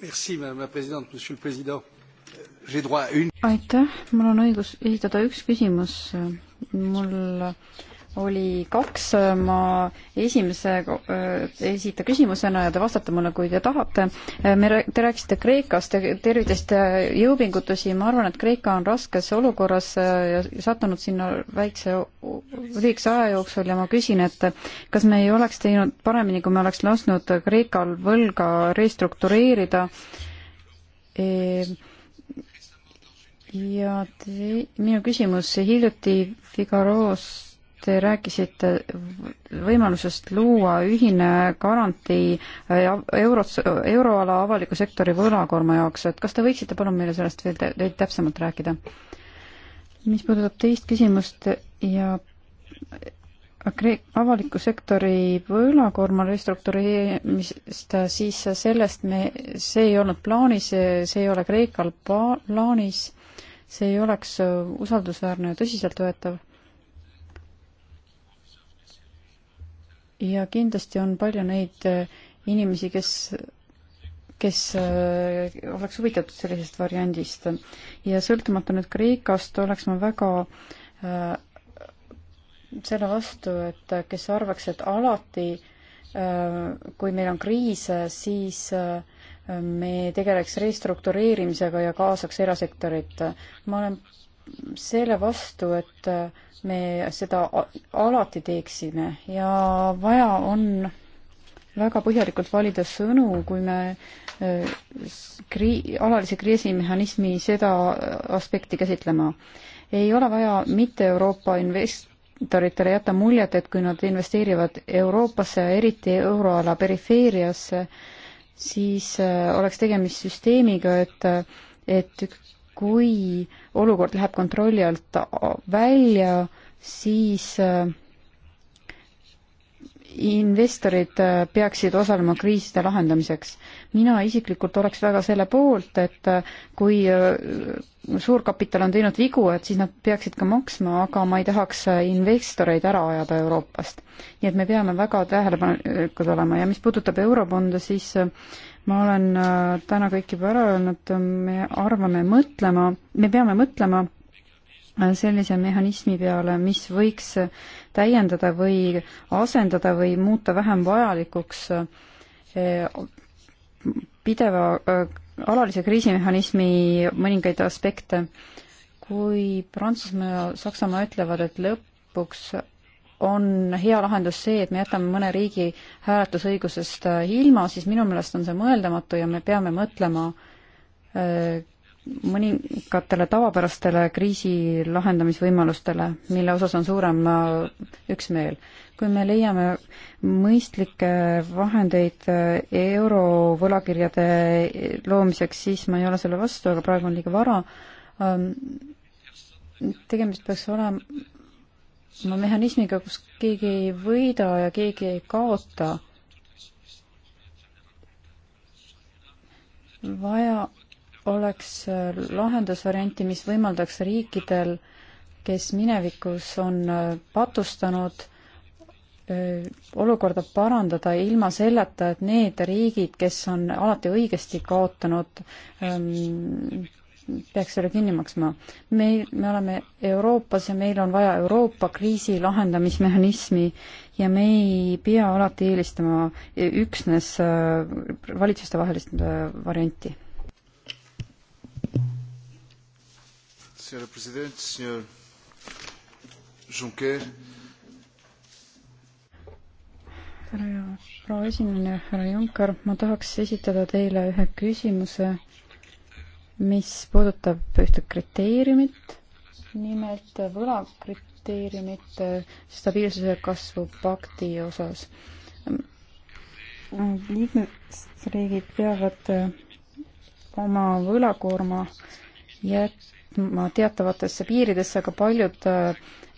Merci, madame la présidente, monsieur le président. aitäh, mul on õigus esitada üks küsimus. mul oli kaks, äh, ma esimese äh, esita küsimusena ja te vastate mulle, kui te tahate. Äh, me, te rääkisite Kreekast, te tervitasite jõupingutusi, ma arvan, et Kreeka on raskes olukorras ja sattunud sinna väikse, lühikese aja jooksul ja ma küsin, et kas me ei oleks teinud paremini, kui me oleks lasknud Kreekal võlga restruktureerida e ja te, minu küsimus, hiljuti Figaro's Te rääkisite võimalusest luua ühine garantii äh, euro, euroala avaliku sektori võlakoorma jaoks, et kas te võiksite palun meile sellest veel te täpsemalt rääkida? mis puudutab teist küsimust ja äh, avaliku sektori võlakoorma restruktureerimist, siis sellest me, see ei olnud plaanis, see ei ole Kreekal plaanis, see ei oleks äh, usaldusväärne ja tõsiseltvõetav. ja kindlasti on palju neid äh, inimesi, kes, kes äh, oleks huvitatud sellisest variandist. ja sõltumata nüüd Kreekast, oleks ma väga äh, selle vastu, et äh, kes arvaks, et alati äh, kui meil on kriise, siis äh, me tegeleks restruktureerimisega ja kaasaks erasektorit. ma olen selle vastu, et äh, me seda alati teeksime ja vaja on väga põhjalikult valida sõnu, kui me äh, krii-, alalise kriisimehhanismi seda äh, aspekti käsitlema. ei ole vaja mitte Euroopa investoritele jätta muljet, et kui nad investeerivad Euroopasse ja eriti euroala perifeeriasse, siis oleks tegemist süsteemiga, et, et kui olukord läheb kontrolli alt välja, siis äh, investorid äh, peaksid osalema kriiside lahendamiseks. mina isiklikult oleks väga selle poolt, et äh, kui suurkapital on teinud vigu, et siis nad peaksid ka maksma, aga ma ei tahaks investoreid ära ajada Euroopast. nii et me peame väga tähelepanelikud olema ja mis puudutab eurobonde, siis ma olen äh, täna kõik juba ära öelnud, äh, me arvame mõtlema, me peame mõtlema äh, sellise mehhanismi peale, mis võiks täiendada või asendada või muuta vähem vajalikuks pideva alalise kriisimehhanismi mõningaid aspekte. kui Prantsusmaa ja Saksamaa ütlevad, et lõpuks on hea lahendus see, et me jätame mõne riigi hääletusõigusest äh, ilma, siis minu meelest on see mõeldamatu ja me peame mõtlema äh, mõningatele tavapärastele kriisi lahendamisvõimalustele, mille osas on suurem äh, üksmeel. kui me leiame mõistlikke vahendeid eurovõlakirjade loomiseks, siis ma ei ole selle vastu, aga praegu on liiga vara. Ähm, tegemist peaks olema mehhanismiga, kus keegi ei võida ja keegi ei kaota. vaja oleks lahendusvarianti, mis võimaldaks riikidel, kes minevikus on äh, patustanud, äh, olukorda parandada ilma selleta, et need riigid, kes on alati õigesti kaotanud, ähm, peaks selle kinni maksma. meil, me oleme Euroopas ja meil on vaja Euroopa kriisi lahendamismehhanismi ja me ei pea alati eelistama üksnes äh, valitsustevahelist äh, varianti. Senhora Presidente, Senhor Juncker. härra ja proua esineja, härra Juncker, ma tahaks esitada teile ühe küsimuse mis puudutab ühte kriteeriumit, nimelt võlakriteeriumit stabiilsuse kasvu pakti osas. liikmesriigid peavad oma võlakoorma jätma teatavatesse piiridesse, aga paljud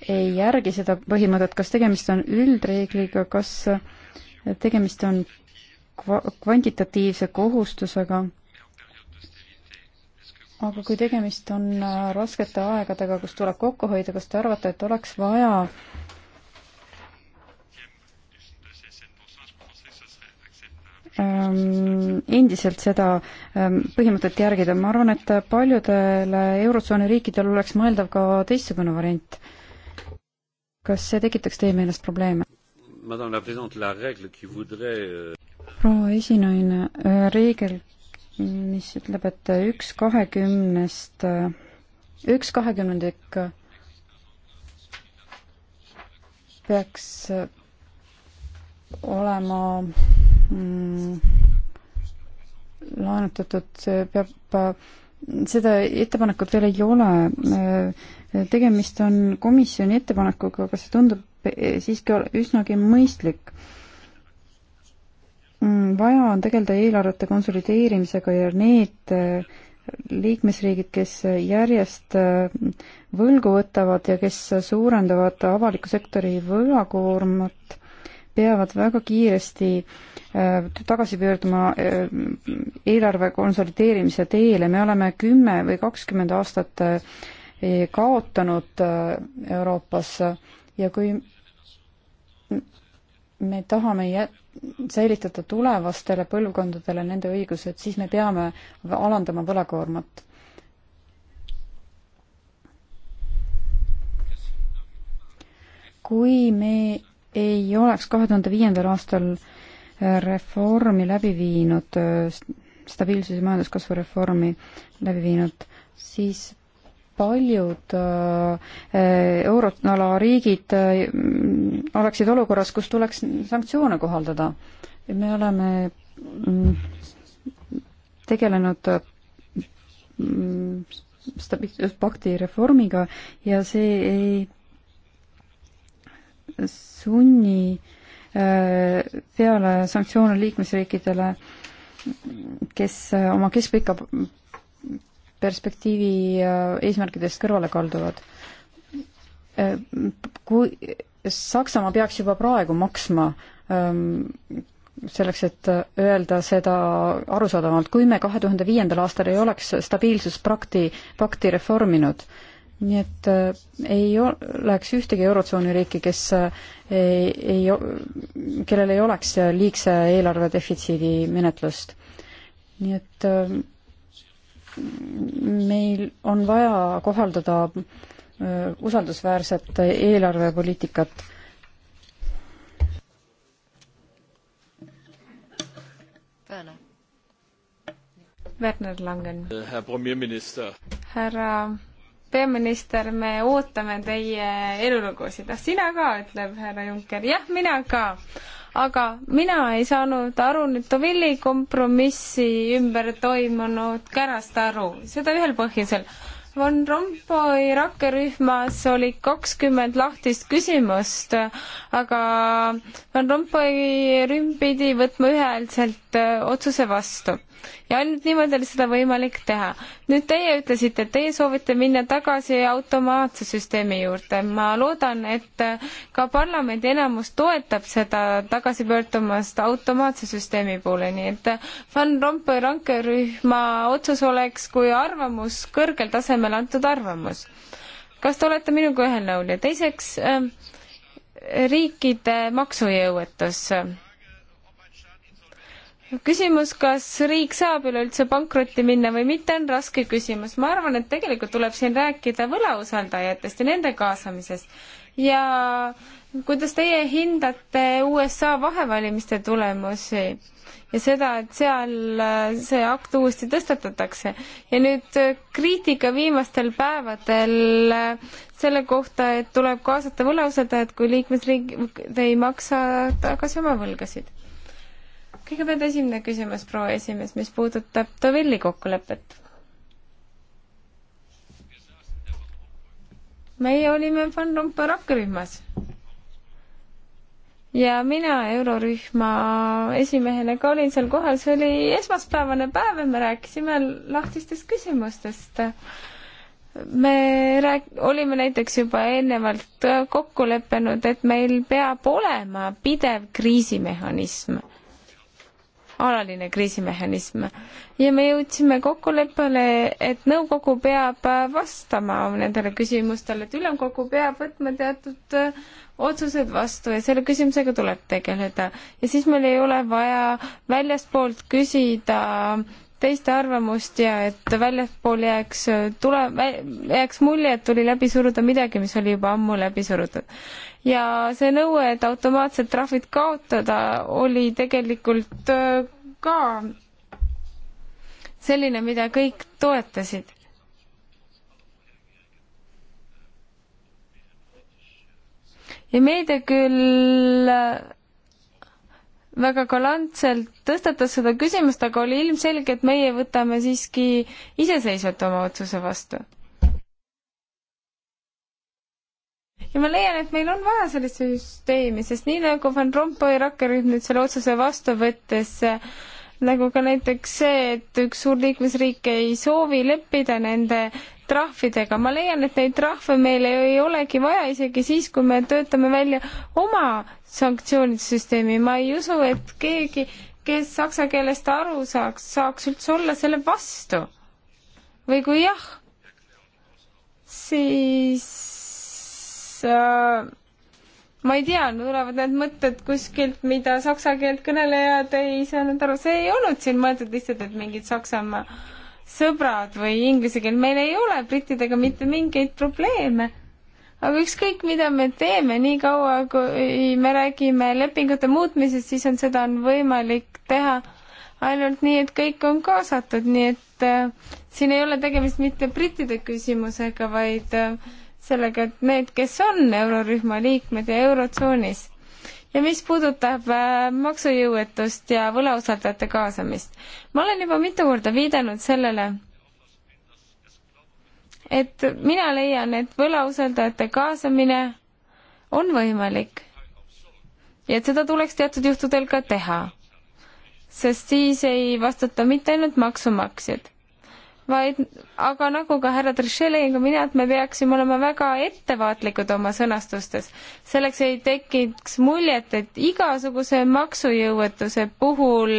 ei järgi seda põhimõtet, kas tegemist on üldreegliga, kas tegemist on kvantitatiivse kohustusega aga kui tegemist on äh, raskete aegadega, kus tuleb kokku hoida, kas te arvate, et oleks vaja ähm, endiselt seda ähm, põhimõtet järgida, ma arvan, et paljudele Eurotsooni riikidel oleks mõeldav ka teistsugune variant. kas see tekitaks teie meelest probleeme? Euh, proua esinaine, äh, reegel, mis ütleb, et üks kahekümnest, üks kahekümnendik peaks olema mm, laenutatud, see peab, seda ettepanekut veel ei ole. tegemist on komisjoni ettepanekuga, aga see tundub eh, siiski üsnagi mõistlik Mm, vaja on tegeleda eelarvete konsolideerimisega ja need äh, liikmesriigid, kes äh, järjest äh, võlgu võtavad ja kes suurendavad avaliku sektori võlakoormat, peavad väga kiiresti tagasi pöörduma eelarve konsolideerimise teele, me oleme kümme või kakskümmend aastat kaotanud Euroopas ja kui me tahame jät-, säilitada tulevastele põlvkondadele nende õigused, siis me peame alandama võlakoormat. kui me ei oleks kahe tuhande viiendal aastal reformi läbi viinud, stabiilsuse majanduskasvu reformi läbi viinud, siis paljud äh, eurotala riigid äh, oleksid olukorras, kus tuleks sanktsioone kohaldada. me oleme mm, tegelenud mm, stabiilsuspakti reformiga ja see ei sunni äh, peale sanktsioone liikmesriikidele, kes äh, oma keskpika perspektiivi äh, eesmärkidest kõrvale kalduvad. kui Saksamaa peaks juba praegu maksma ähm, selleks, et äh, öelda seda arusaadavalt, kui me kahe tuhande viiendal aastal ei oleks stabiilsuspakti, pakti reforminud, nii et äh, ei oleks ühtegi Eurotsooni riiki, kes äh, ei, ei, kellel ei oleks äh, liigse eelarve defitsiidi menetlust. nii et äh, meil on vaja kohaldada äh, Äh, usaldusväärset eelarvepoliitikat. Werner Langen. Äh, härra peaminister, me ootame teie elulugusid. ah, sina ka, ütleb härra Juncker. jah, mina ka. aga mina ei saanud aru nüüd Tovilli kompromissi ümber toimunud kärast aru. seda ühel põhjusel. Van Rompuy rakkerühmas oli kakskümmend lahtist küsimust, aga Van Rompuy rühm pidi võtma ühehäälselt äh, otsuse vastu ja ainult niimoodi oli seda võimalik teha. nüüd teie ütlesite, et teie soovite minna tagasi automaatse süsteemi juurde. ma loodan, et ka parlamendi enamus toetab seda tagasipöördumast automaatse süsteemi poole, nii et Van Rompuy rankerühma otsus oleks kui arvamus, kõrgel tasemel antud arvamus. kas te olete minuga ühel nõul ja teiseks äh, riikide maksujõuetus äh, küsimus, kas riik saab üleüldse pankrotti minna või mitte, on raske küsimus. ma arvan, et tegelikult tuleb siin rääkida võlausaldajatest ja nende kaasamisest. ja kuidas teie hindate USA vahevalimiste tulemusi ja seda, et seal äh, see akt uuesti tõstatatakse? ja nüüd äh, kriitika viimastel päevadel äh, selle kohta, et tuleb kaasata võlausaldajad, kui liikmesriigid ei maksa tagasi oma võlgasid kõigepealt esimene küsimus, proua esimees, mis puudutab Deauville'i kokkulepet. meie olime Van Rompuy rakkerühmas ja mina eurorühma esimehena ka olin seal kohal, see oli esmaspäevane päev ja me rääkisime lahtistest küsimustest me rääk-, olime näiteks juba eelnevalt kokku leppinud, et meil peab olema pidev kriisimehhanism alaline kriisimehhanism. ja me jõudsime kokkuleppele, et nõukogu peab äh, vastama nendele küsimustele, et ülemkogu peab võtma teatud äh, otsused vastu ja selle küsimusega tuleb tegeleda. ja siis meil ei ole vaja väljaspoolt küsida teiste arvamust ja et väljapool jääks äh, tule, jääks mulje, et tuli läbi suruda midagi, mis oli juba ammu läbi surutud ja see nõue, et automaatsed trahvid kaotada, oli tegelikult äh, ka selline, mida kõik toetasid. ja meedia küll äh, väga galantselt tõstatas seda küsimust, aga oli ilmselge, et meie võtame siiski iseseisvalt oma otsuse vastu ja ma leian, et meil on vaja sellist süsteemi, sest nii nagu Van Rompuy rakkerühm nüüd selle otsuse vastu võttes nagu ka näiteks see, et üks suur liikmesriik ei soovi leppida nende trahvidega, ma leian, et neid trahve meil ei olegi vaja isegi siis, kui me töötame välja oma sanktsioonide süsteemi, ma ei usu, et keegi, kes saksa keelest aru saaks, saaks üldse olla selle vastu. või kui jah, siis Äh, ma ei tea, tulevad need mõtted kuskilt, mida saksa keelt kõnelejad ei saanud aru, see ei olnud siin mõeldud lihtsalt, et mingid Saksamaa sõbrad või inglise keel, meil ei ole brittidega mitte mingeid probleeme. aga ükskõik, mida me teeme, niikaua kui me räägime lepingute muutmisest, siis on, seda on võimalik teha ainult nii, et kõik on kaasatud, nii et äh, siin ei ole tegemist mitte brittide küsimusega, vaid äh, sellega, et need, kes on eurorühma liikmed ja eurotsoonis ja mis puudutab äh, maksujõuetust ja võlausaldajate kaasamist. ma olen juba mitu korda viidanud sellele, et mina leian, et võlausaldajate kaasamine on võimalik ja et seda tuleks teatud juhtudel ka teha, sest siis ei vastuta mitte ainult maksumaksjad vaid aga nagu ka härra Trichet leian ka mina, et me peaksime olema väga ettevaatlikud oma sõnastustes. selleks ei tekiks muljet, et igasuguse maksujõuetuse puhul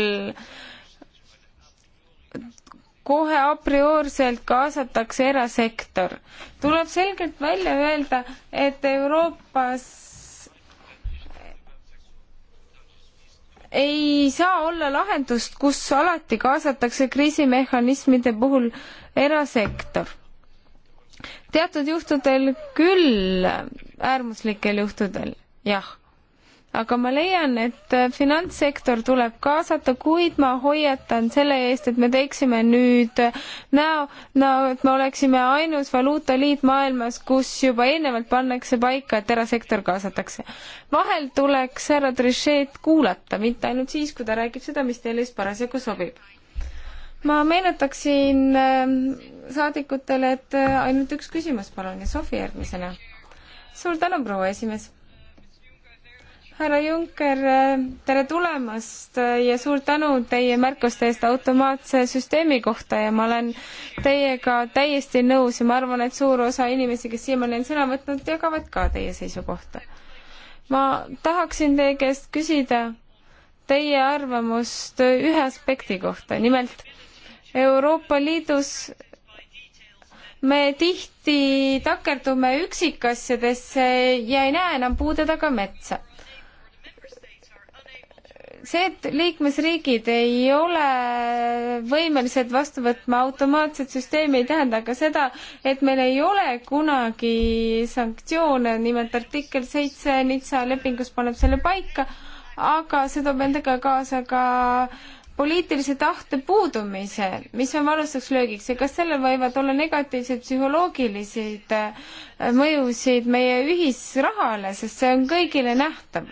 kohe a priorselt kaasatakse erasektor. tuleb selgelt välja öelda, et Euroopas ei saa olla lahendust, kus alati kaasatakse kriisimehhanismide puhul erasektor. teatud juhtudel küll, äärmuslikel juhtudel, jah aga ma leian, et äh, finantssektor tuleb kaasata, kuid ma hoiatan selle eest, et me teeksime nüüd äh, näo, näo, et me oleksime ainus valuutaliit maailmas, kus juba eelnevalt pannakse paika, et erasektor kaasatakse. vahel tuleks härra Trichet kuulata, mitte ainult siis, kui ta räägib seda, mis teile just parasjagu sobib. ma meenutaksin ähm, saadikutele, et äh, ainult üks küsimus, palun, ja Sofi järgmisena. suur tänu, proua esimees härra Juncker, tere tulemast ja suur tänu teie märkuste eest automaatse süsteemi kohta ja ma olen teiega täiesti nõus ja ma arvan, et suur osa inimesi, kes siiamaani on sõna võtnud, jagavad ka teie seisukohta. ma tahaksin teie käest küsida teie arvamust ühe aspekti kohta, nimelt Euroopa Liidus me tihti takerdume üksikasjadesse ja ei näe enam puude taga metsa see, et liikmesriigid ei ole võimelised vastu võtma automaatset süsteemi, ei tähenda ka seda, et meil ei ole kunagi sanktsioone, nimelt artikkel seitse Nitsa lepingus paneb selle paika, aga see toob endaga kaasa ka poliitilise tahte puudumise, mis on valusaks löögiks ja kas sellel võivad olla negatiivseid psühholoogilisi äh, mõjusid meie ühisrahale, sest see on kõigile nähtav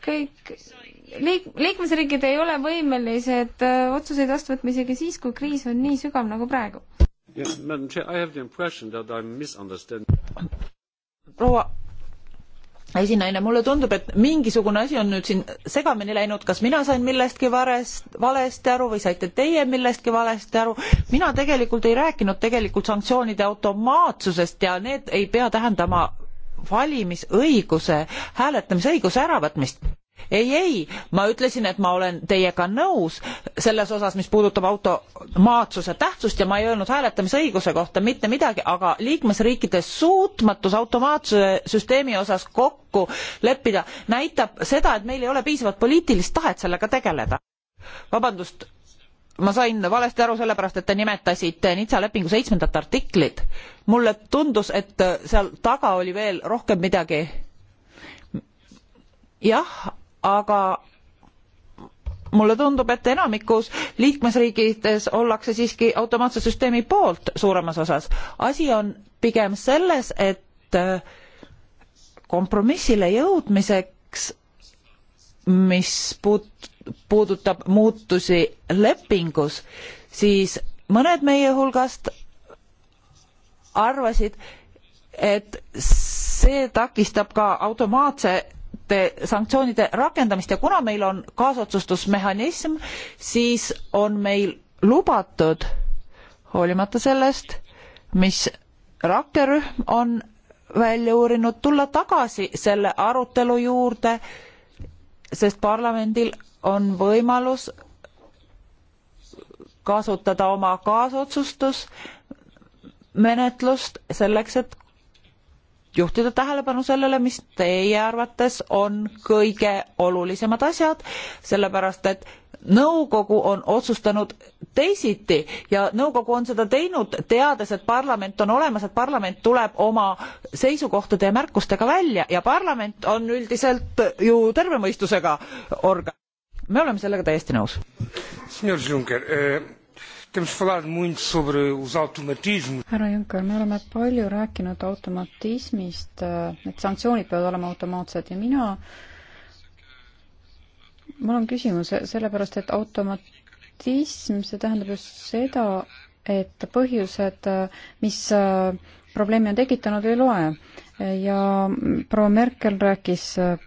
kõik liik-, liikmesriigid ei ole võimelised äh, otsuseid vastu võtma isegi siis, kui kriis on nii sügav nagu praegu. proua esinaine, mulle tundub, et mingisugune asi on nüüd siin segamini läinud, kas mina sain millestki varest, valesti aru või saite teie millestki valesti aru. mina tegelikult ei rääkinud tegelikult sanktsioonide automaatsusest ja need ei pea tähendama valimisõiguse, hääletamisõiguse äravõtmist ei, ei, ma ütlesin, et ma olen teiega nõus selles osas, mis puudutab automaatsuse tähtsust ja ma ei öelnud hääletamisõiguse kohta mitte midagi, aga liikmesriikide suutmatus automaatsuse süsteemi osas kokku leppida näitab seda, et meil ei ole piisavalt poliitilist tahet sellega tegeleda. vabandust, ma sain valesti aru, sellepärast et te nimetasite Nitsa lepingu seitsmendat artiklit. mulle tundus, et seal taga oli veel rohkem midagi jah aga mulle tundub, et enamikus liikmesriikides ollakse siiski automaatse süsteemi poolt suuremas osas. asi on pigem selles, et äh, kompromissile jõudmiseks, mis puut-, puudutab muutusi lepingus, siis mõned meie hulgast arvasid, et see takistab ka automaatse nende sanktsioonide rakendamist ja kuna meil on kaasotsustusmehhanism, siis on meil lubatud, hoolimata sellest, mis rakkerühm on välja uurinud, tulla tagasi selle arutelu juurde, sest parlamendil on võimalus kasutada oma kaasotsustusmenetlust selleks, et juhtida tähelepanu sellele, mis teie arvates on kõige olulisemad asjad, sellepärast et nõukogu on otsustanud teisiti ja nõukogu on seda teinud, teades, et parlament on olemas, et parlament tuleb oma seisukohtade ja märkustega välja ja parlament on üldiselt ju terve mõistusega organ. me oleme sellega täiesti nõus. Temos falado muito sobre os automatismos. härra Juncker, me oleme palju rääkinud automatismist, et sanktsioonid peavad olema automaatsed ja mina, mul on küsimus, sellepärast et automatism, see tähendab just seda, et põhjused, mis äh, probleemi on tekitanud, ei loe. ja proua Merkel rääkis äh,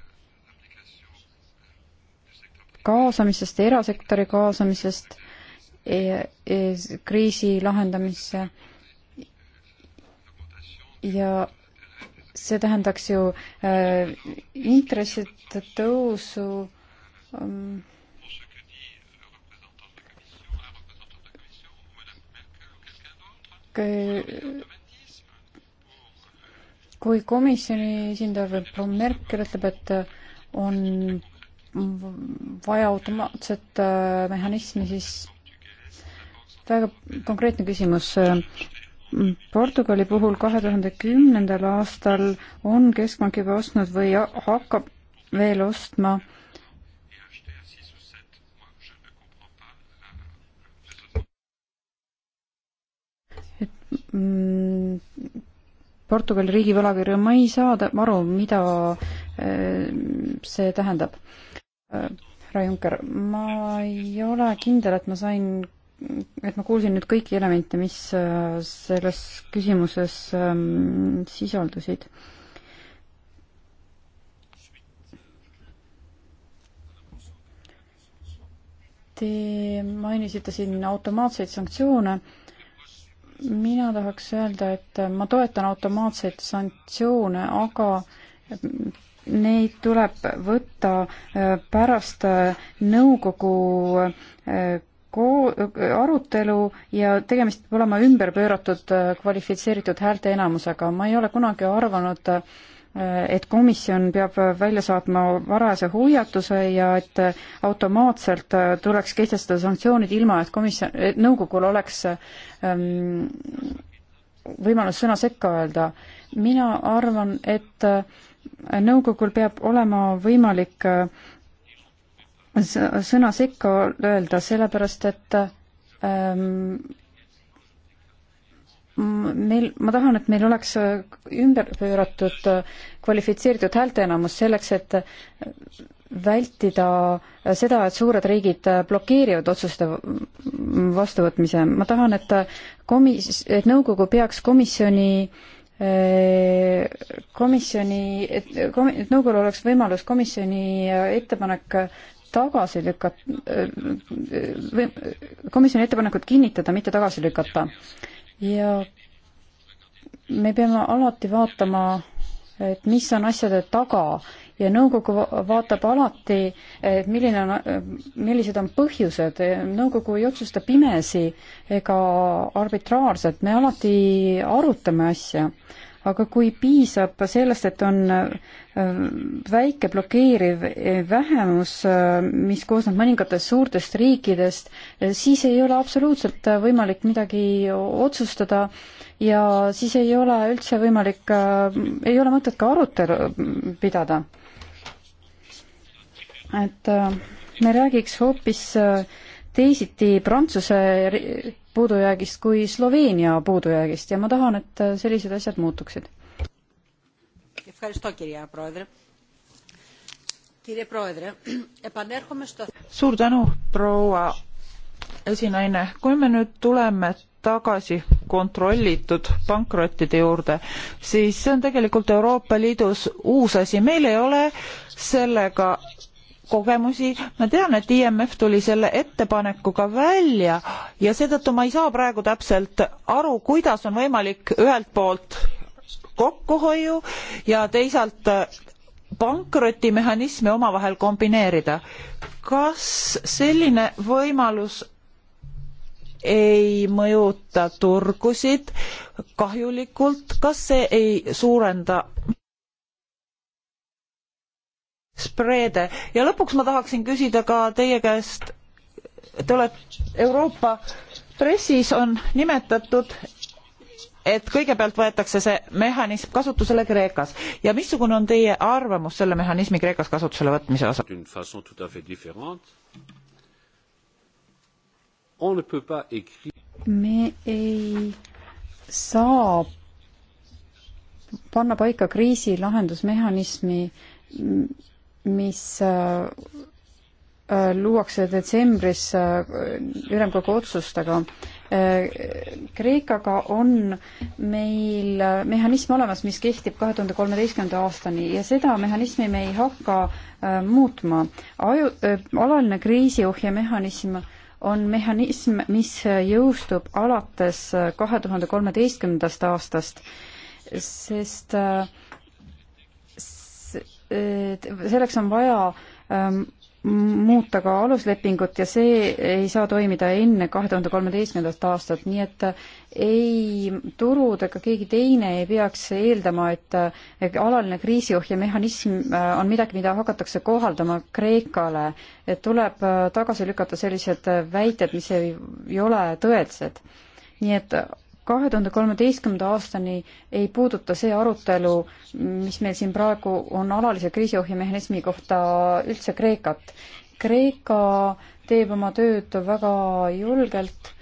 kaasamisest ja erasektori kaasamisest E, e, kriisi lahendamisse. ja see tähendaks ju äh, intresside tõusu ähm, kui komisjoni esindaja või proua Merkel ütleb, et on vaja automaatset äh, mehhanismi, siis väga konkreetne küsimus. Portugali puhul kahe tuhande kümnendal aastal on Keskpank juba ostnud või hakkab veel ostma et mm, Portugali riigivõlakirju, ma ei saa aru, mida e, see tähendab. E, härra Juncker, ma ei ole kindel, et ma sain et ma kuulsin nüüd kõiki elemente, mis äh, selles küsimuses ähm, sisaldusid. Te mainisite siin automaatseid sanktsioone. mina tahaks öelda, et ma toetan automaatseid sanktsioone, aga neid tuleb võtta äh, pärast äh, nõukogu koo-, arutelu ja tegemist peab olema ümberpööratud äh, kvalifitseeritud häälteenamusega. ma ei ole kunagi arvanud, äh, et komisjon peab välja saatma varajase hoiatuse ja et äh, automaatselt tuleks kehtestada sanktsioonid ilma, et komisjon, et nõukogul oleks ähm, võimalus sõna sekka öelda. mina arvan, et nõukogul peab olema võimalik äh, sõna sekka öelda, sellepärast et ähm, meil, ma tahan, et meil oleks ümber pööratud kvalifitseeritud häälteenamus selleks, et vältida seda, et suured riigid blokeerivad otsuste vastuvõtmise. ma tahan, et komis-, et nõukogu peaks komisjoni äh, komisjoni, et kom-, et nõukogul oleks võimalus komisjoni ettepanek tagasi lükata, või komisjoni ettepanekut kinnitada, mitte tagasi lükata. ja me peame alati vaatama, et mis on asjade taga ja nõukogu vaatab alati, et milline on, millised on põhjused, nõukogu ei otsusta pimesi ega arbitraarselt, me alati arutame asja aga kui piisab sellest, et on äh, väike blokeeriv äh, vähemus, äh, mis koosneb mõningatest suurtest riikidest, siis ei ole absoluutselt võimalik midagi otsustada ja siis ei ole üldse võimalik, ei ole mõtet ka arutelu pidada. et me räägiks hoopis teisiti Prantsuse puudujäägist kui Sloveenia puudujäägist ja ma tahan, et äh, sellised asjad muutuksid. suur tänu, proua esinaine, kui me nüüd tuleme tagasi kontrollitud pankrottide juurde, siis see on tegelikult Euroopa Liidus uus asi, meil ei ole sellega kogemusi, ma tean, et IMF tuli selle ettepanekuga välja ja seetõttu ma ei saa praegu täpselt aru, kuidas on võimalik ühelt poolt kokkuhoiu ja teisalt pankrotimehhanisme omavahel kombineerida. kas selline võimalus ei mõjuta turgusid kahjulikult, kas see ei suurenda spreede ja lõpuks ma tahaksin küsida ka teie käest, te olete Euroopa pressis on nimetatud, et kõigepealt võetakse see mehhanism kasutusele Kreekas ja missugune on teie arvamus selle mehhanismi Kreekas kasutusele võtmise osas? me ei saa panna paika kriisi lahendusmehhanismi mis äh, luuakse detsembris äh, ülemkogu otsustega. Äh, Kreekaga on meil mehhanism olemas, mis kehtib kahe tuhande kolmeteistkümnenda aastani ja seda mehhanismi me ei hakka muutma. aju, alaline kriisiohjemehhanism on mehhanism, mis jõustub alates kahe tuhande kolmeteistkümnendast aastast, sest äh, selleks on vaja ähm, muuta ka aluslepingut ja see ei saa toimida enne kahe tuhande kolmeteistkümnendat aastat, nii et äh, ei turud ega keegi teine ei peaks eeldama, et äh, alaline kriisiohjemehhanism äh, on midagi, mida hakatakse kohaldama Kreekale, et tuleb tagasi lükata sellised väited, mis ei, ei ole tõelised. nii et kahe tuhande kolmeteistkümnenda aastani ei puuduta see arutelu, mis meil siin praegu on alalise kriisiohjemehhanismi kohta üldse Kreekat. Kreeka teeb oma tööd väga julgelt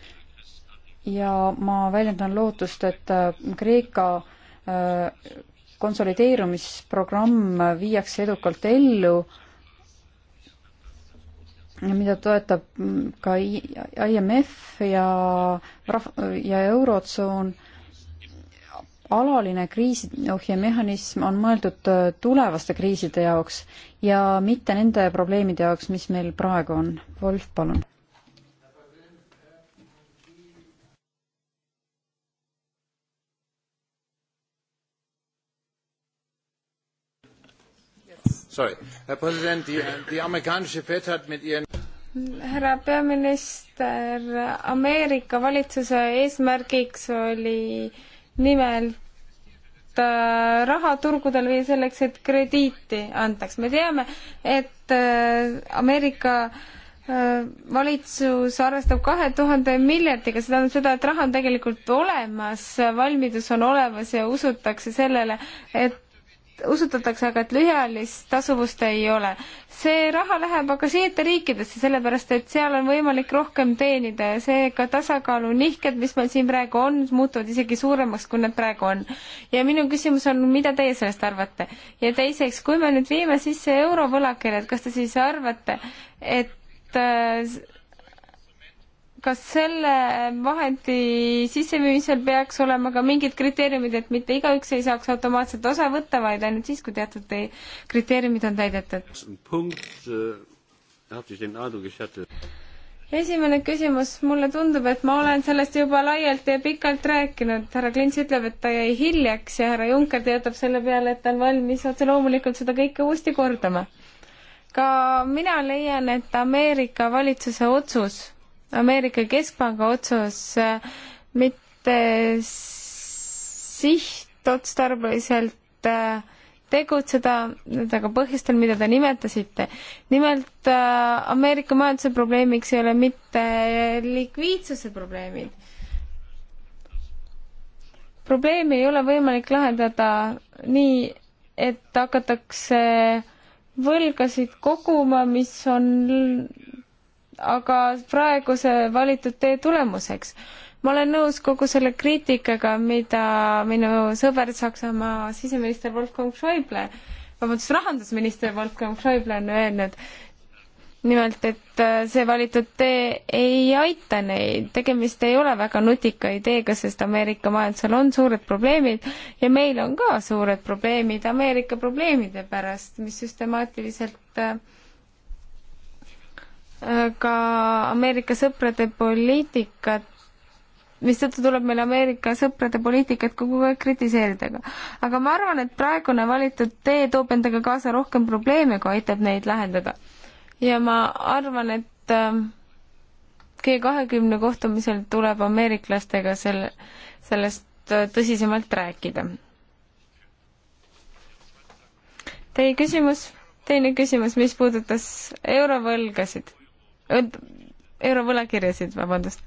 ja ma väljendan lootust, et äh, Kreeka äh, konsolideerumisprogramm viiakse edukalt ellu äh, mida toetab mm, ka IMF ja rahv- ja Eurotsoon, alaline kriisiohjemehhanism on mõeldud äh, tulevaste kriiside jaoks ja mitte nende probleemide jaoks, mis meil praegu on. Wolf, palun. Sorry, härra president, die amerikanische Fed hat mit ihren härra peaminister, Ameerika valitsuse eesmärgiks oli nimelt äh, raha turgudel või selleks, et krediiti antaks. me teame, et äh, Ameerika äh, valitsus arvestab kahe tuhande miljardiga, see tähendab seda, et raha on tegelikult olemas, valmidus on olemas ja usutakse sellele, et usutatakse aga, et lühiajalist tasuvust ei ole. see raha läheb aga siirderiikidesse, sellepärast et seal on võimalik rohkem teenida ja seega tasakaalunihked, mis meil siin praegu on, muutuvad isegi suuremaks, kui nad praegu on. ja minu küsimus on, mida teie sellest arvate? ja teiseks, kui me nüüd viime sisse eurovõlakirjad, kas te siis arvate, et äh, kas selle vahendi sissemüümisel peaks olema ka mingid kriteeriumid, et mitte igaüks ei saaks automaatselt osa võtta, vaid ainult siis, kui teatud kriteeriumid on täidetud? Äh, esimene küsimus, mulle tundub, et ma olen sellest juba laialt ja pikalt rääkinud, härra Klints ütleb, et ta jäi hiljaks ja härra Juncker teatab selle peale, et ta on valmis otse loomulikult seda kõike uuesti kordama. ka mina leian, et Ameerika valitsuse otsus Ameerika Keskpanga otsus äh, mitte sihtotstarbeliselt äh, tegutseda, aga põhjustel, mida te nimetasite. nimelt äh, Ameerika majanduse probleemiks ei ole mitte likviidsuse probleemid. probleemi ei ole võimalik lahendada nii, et hakatakse võlgasid koguma, mis on aga praeguse valitud tee tulemuseks. ma olen nõus kogu selle kriitikaga, mida minu sõber Saksamaa siseminister Wolfgang Schäuble, vabandust, rahandusminister Wolfgang Schäuble on öelnud, nimelt, et äh, see valitud tee ei aita neid, tegemist ei ole väga nutika ideega, sest Ameerika majandusel on suured probleemid ja meil on ka suured probleemid Ameerika probleemide pärast, mis süstemaatiliselt äh, ka Ameerika sõprade poliitikat, mistõttu tuleb meil Ameerika sõprade poliitikat kogu aeg kritiseerida. aga ma arvan, et praegune valitud tee toob endaga kaasa rohkem probleeme, kui aitab neid lahendada. ja ma arvan, et ähm, G kahekümne kohtumisel tuleb ameeriklastega selle, sellest äh, tõsisemalt rääkida. Teie küsimus, teine küsimus, mis puudutas eurovõlgasid eurovõlakirjasid, vabandust.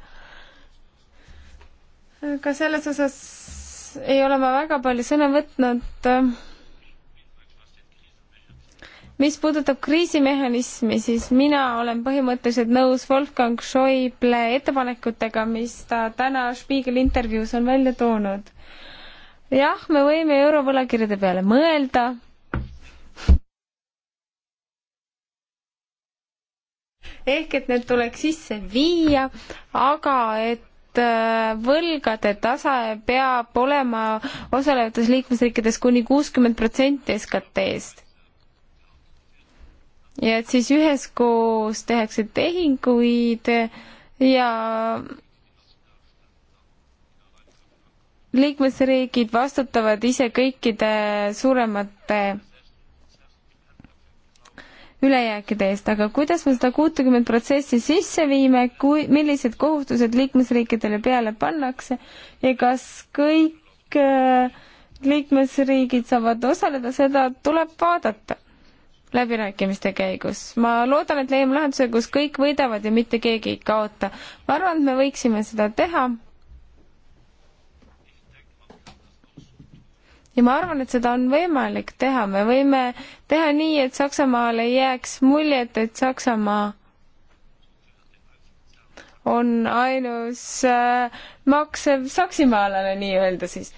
ka selles osas ei ole ma väga palju sõna võtnud. mis puudutab kriisimehhanismi, siis mina olen põhimõtteliselt nõus Wolfgang Schäuble ettepanekutega, mis ta täna Spiegel intervjuus on välja toonud. jah, me võime eurovõlakirjade peale mõelda ehk et need tuleks sisse viia, aga et äh, võlgade tase peab olema osalevates liikmesriikides kuni kuuskümmend protsenti SKT-st. ja et siis üheskoos tehakse tehinguid ja liikmesriigid vastutavad ise kõikide suuremate ülejääkide eest, aga kuidas me seda kuutekümmet protsessi sisse viime, kui, millised kohustused liikmesriikidele peale pannakse ja kas kõik äh, liikmesriigid saavad osaleda, seda tuleb vaadata läbirääkimiste käigus. ma loodan, et leiame lahenduse, kus kõik võidavad ja mitte keegi ei kaota. ma arvan, et me võiksime seda teha ja ma arvan, et seda on võimalik teha, me võime teha nii, et Saksamaal ei jääks muljet, et Saksamaa on ainus äh, maksev saksimaalane nii-öelda siis.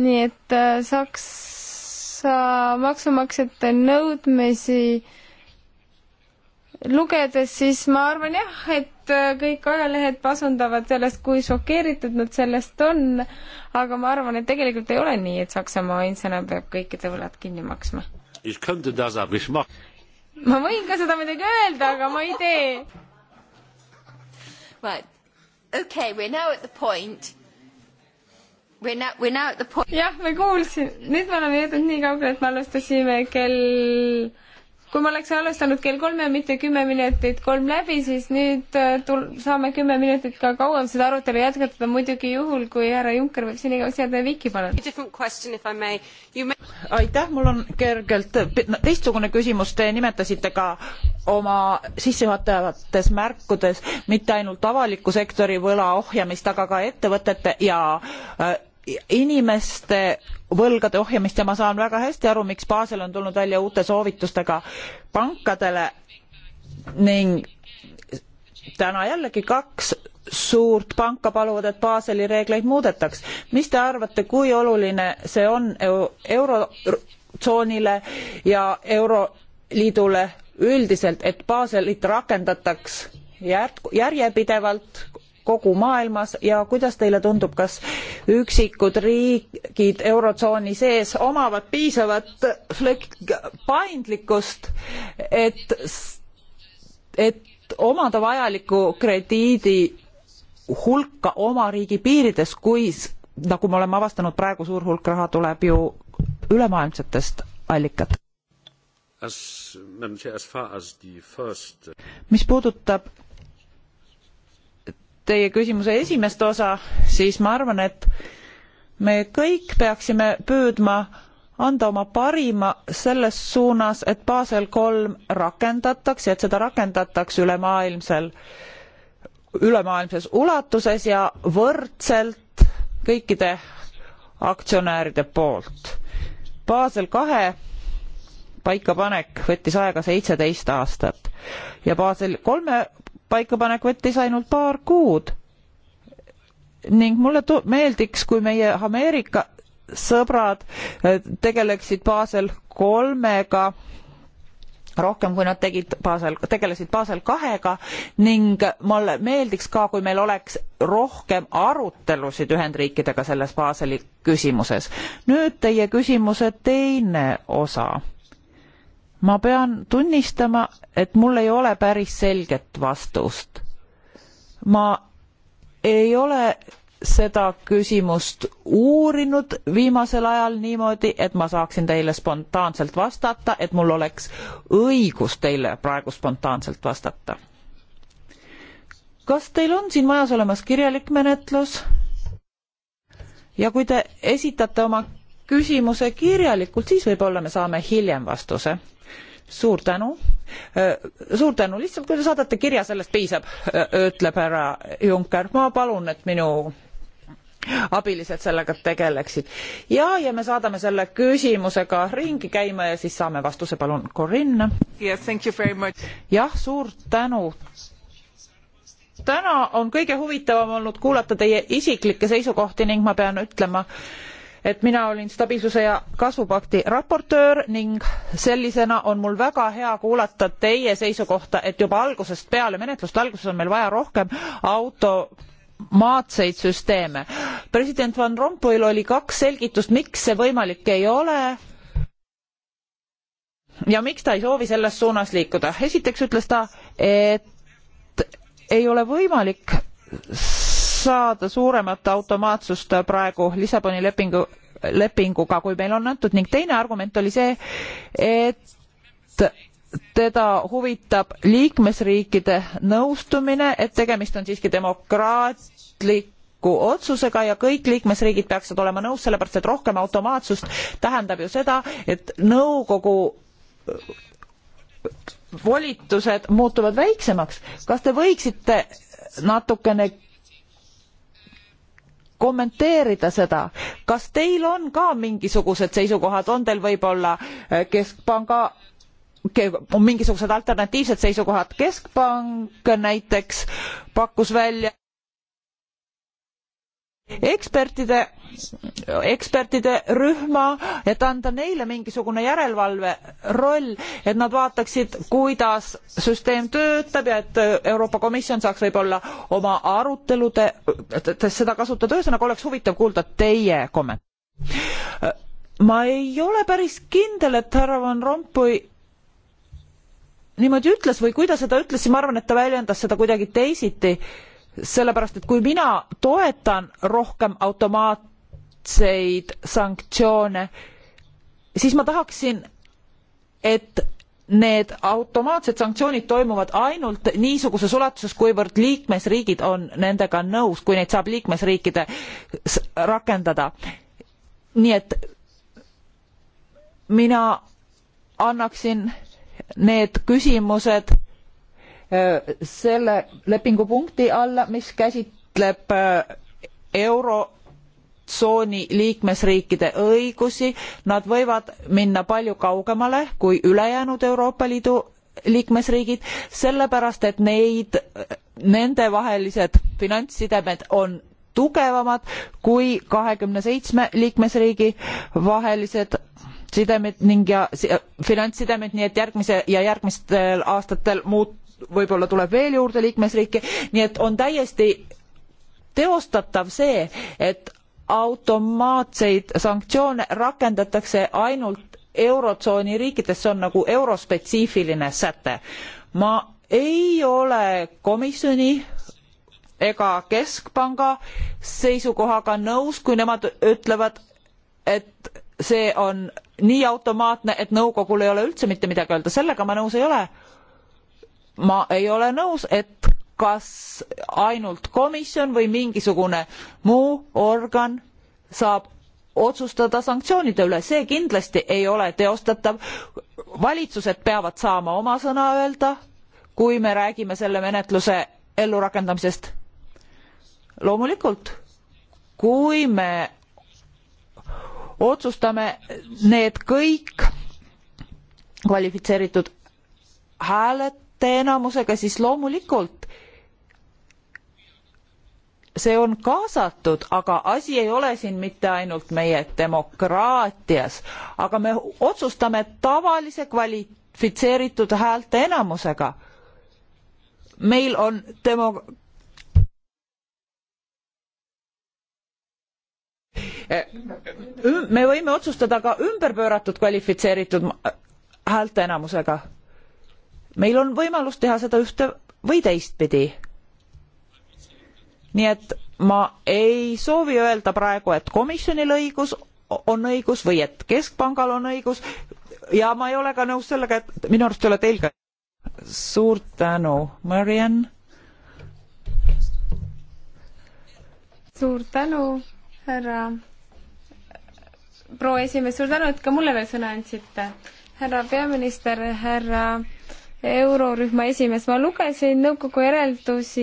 nii et äh, Saksa maksumaksjate nõudmisi äh, lugedes, siis ma arvan jah, et äh, kõik ajalehed pasundavad sellest, kui šokeeritud nad sellest on, aga ma arvan, et tegelikult ei ole nii, et Saksamaa ainsana peab kõikide võlad kinni maksma. ma võin ka seda muidugi öelda, aga ma ei tee. Right. Okay, we are now at the point jah, me kuulsime, nüüd me oleme jõudnud nii kaugele, et me alustasime kell kui ma oleks alustanud kell kolm ja mitte kümme minutit kolm läbi, siis nüüd äh, tul-, saame kümme minutit ka kauem seda arutelu jätkata, muidugi juhul, kui härra Juncker võib senigauks jääda viki, palun. aitäh, mul on kergelt teistsugune küsimus, te nimetasite ka oma sissejuhatavates märkudes mitte ainult avaliku sektori võla ohjamist, aga ka ettevõtete ja äh, inimeste võlgade ohjamist ja ma saan väga hästi aru, miks Basel on tulnud välja uute soovitustega pankadele ning täna jällegi kaks suurt panka paluvad, et Baseli reegleid muudetaks. mis te arvate, kui oluline see on eurotsoonile ja euroliidule üldiselt, et Baselit rakendataks järjepidevalt kogu maailmas ja kuidas teile tundub, kas üksikud riigid Eurotsooni sees omavad piisavat paindlikkust, et, et omada vajalikku krediidi hulka oma riigi piirides, kui nagu me oleme avastanud, praegu suur hulk raha tuleb ju ülemaailmsetest allikatest. mis puudutab teie küsimuse esimest osa, siis ma arvan, et me kõik peaksime püüdma anda oma parima selles suunas, et Basel kolm rakendatakse, et seda rakendatakse ülemaailmsel, ülemaailmses ulatuses ja võrdselt kõikide aktsionäride poolt. Basel kahe paikapanek võttis aega seitseteist aastat ja Basel kolme paikapanek võttis ainult paar kuud ning mulle tu- meeldiks kui meie ameerika sõbrad äh, tegeleksid baasel kolmega rohkem kui nad tegid baasel tegelesid baasel kahega ning mulle meeldiks ka kui meil oleks rohkem arutelusid ühendriikidega selles baaseli küsimuses nüüd teie küsimuse teine osa ma pean tunnistama, et mul ei ole päris selget vastust. ma ei ole seda küsimust uurinud viimasel ajal niimoodi, et ma saaksin teile spontaanselt vastata, et mul oleks õigus teile praegu spontaanselt vastata. kas teil on siin majas olemas kirjalik menetlus? ja kui te esitate oma küsimuse kirjalikult, siis võib-olla me saame hiljem vastuse. suur tänu. Äh, suur tänu, lihtsalt kui te saadate kirja, sellest piisab, äh, ütleb härra Juncker. ma palun, et minu abilised sellega tegeleksid. ja, ja me saadame selle küsimusega ringi käima ja siis saame vastuse, palun, Corinne. jah, suur tänu. täna on kõige huvitavam olnud kuulata teie isiklikke seisukohti ning ma pean ütlema, et mina olin stabiilsuse ja kasvupakti raportöör ning sellisena on mul väga hea kuulata teie seisukohta et juba algusest peale menetluste alguses on meil vaja rohkem automaatseid süsteeme. president van rompuyl oli kaks selgitust miks see võimalik ei ole ja miks ta ei soovi selles suunas liikuda. esiteks ütles ta et ei ole võimalik saada suuremat automaatsust praegu Lissaboni lepingu, lepinguga, kui meil on antud ning teine argument oli see, et teda huvitab liikmesriikide nõustumine, et tegemist on siiski demokraatliku otsusega ja kõik liikmesriigid peaksid olema nõus, sellepärast et rohkem automaatsust tähendab ju seda, et nõukogu volitused muutuvad väiksemaks. kas te võiksite natukene kommenteerida seda kas teil on ka mingisugused seisukohad on teil võib-olla eh, keskpanga mingisugused alternatiivsed seisukohad keskpank näiteks pakkus välja ekspertide, ekspertide rühma, et anda neile mingisugune järelevalve roll, et nad vaataksid, kuidas süsteem töötab ja et Euroopa Komisjon saaks võib-olla oma arutelude, seda kasutada, ühesõnaga oleks huvitav kuulda teie kommentaare. ma ei ole päris kindel, et härra Van Rompuy niimoodi ütles või kui ta seda ütles, siis ma arvan, et ta väljendas seda kuidagi teisiti sellepärast et kui mina toetan rohkem automaatseid sanktsioone siis ma tahaksin et need automaatsed sanktsioonid toimuvad ainult niisuguses ulatuses kuivõrd liikmesriigid on nendega nõus kui neid saab liikmesriikides rakendada nii et mina annaksin need küsimused Äh, selle lepingupunkti alla, mis käsitleb äh, eurotsooni liikmesriikide õigusi, nad võivad minna palju kaugemale kui ülejäänud Euroopa Liidu liikmesriigid, sellepärast et neid, äh, nendevahelised finantssidemed on tugevamad kui kahekümne seitsme liikmesriigi vahelised sidemed ning ja finantssidemed nii et järgmise ja järgmistel aastatel muut- võib-olla tuleb veel juurde liikmesriike, nii et on täiesti teostatav see, et automaatseid sanktsioone rakendatakse ainult eurotsooni riikides, see on nagu eurospetsiifiline säte. ma ei ole komisjoni ega keskpanga seisukohaga nõus, kui nemad ütlevad, et see on nii automaatne, et nõukogul ei ole üldse mitte midagi öelda, sellega ma nõus ei ole ma ei ole nõus et kas ainult komisjon või mingisugune muu organ saab otsustada sanktsioonide üle see kindlasti ei ole teostatav valitsused peavad saama oma sõna öelda kui me räägime selle menetluse ellurakendamisest loomulikult kui me otsustame need kõik kvalifitseeritud hääled häälte enamusega, siis loomulikult see on kaasatud, aga asi ei ole siin mitte ainult meie demokraatias, aga me otsustame tavalise kvalifitseeritud häälteenamusega. meil on demo-. me võime otsustada ka ümberpööratud kvalifitseeritud häälteenamusega meil on võimalus teha seda ühte või teistpidi. nii et ma ei soovi öelda praegu, et komisjonil õigus on õigus või et keskpangal on õigus ja ma ei ole ka nõus sellega, et minu arust ei ole teil ka. suur tänu, Mariann. suur tänu, härra proua esimees, suur tänu, et ka mulle veel sõna andsite. härra peaminister, härra eurorühma esimees, ma lugesin nõukogu järeldusi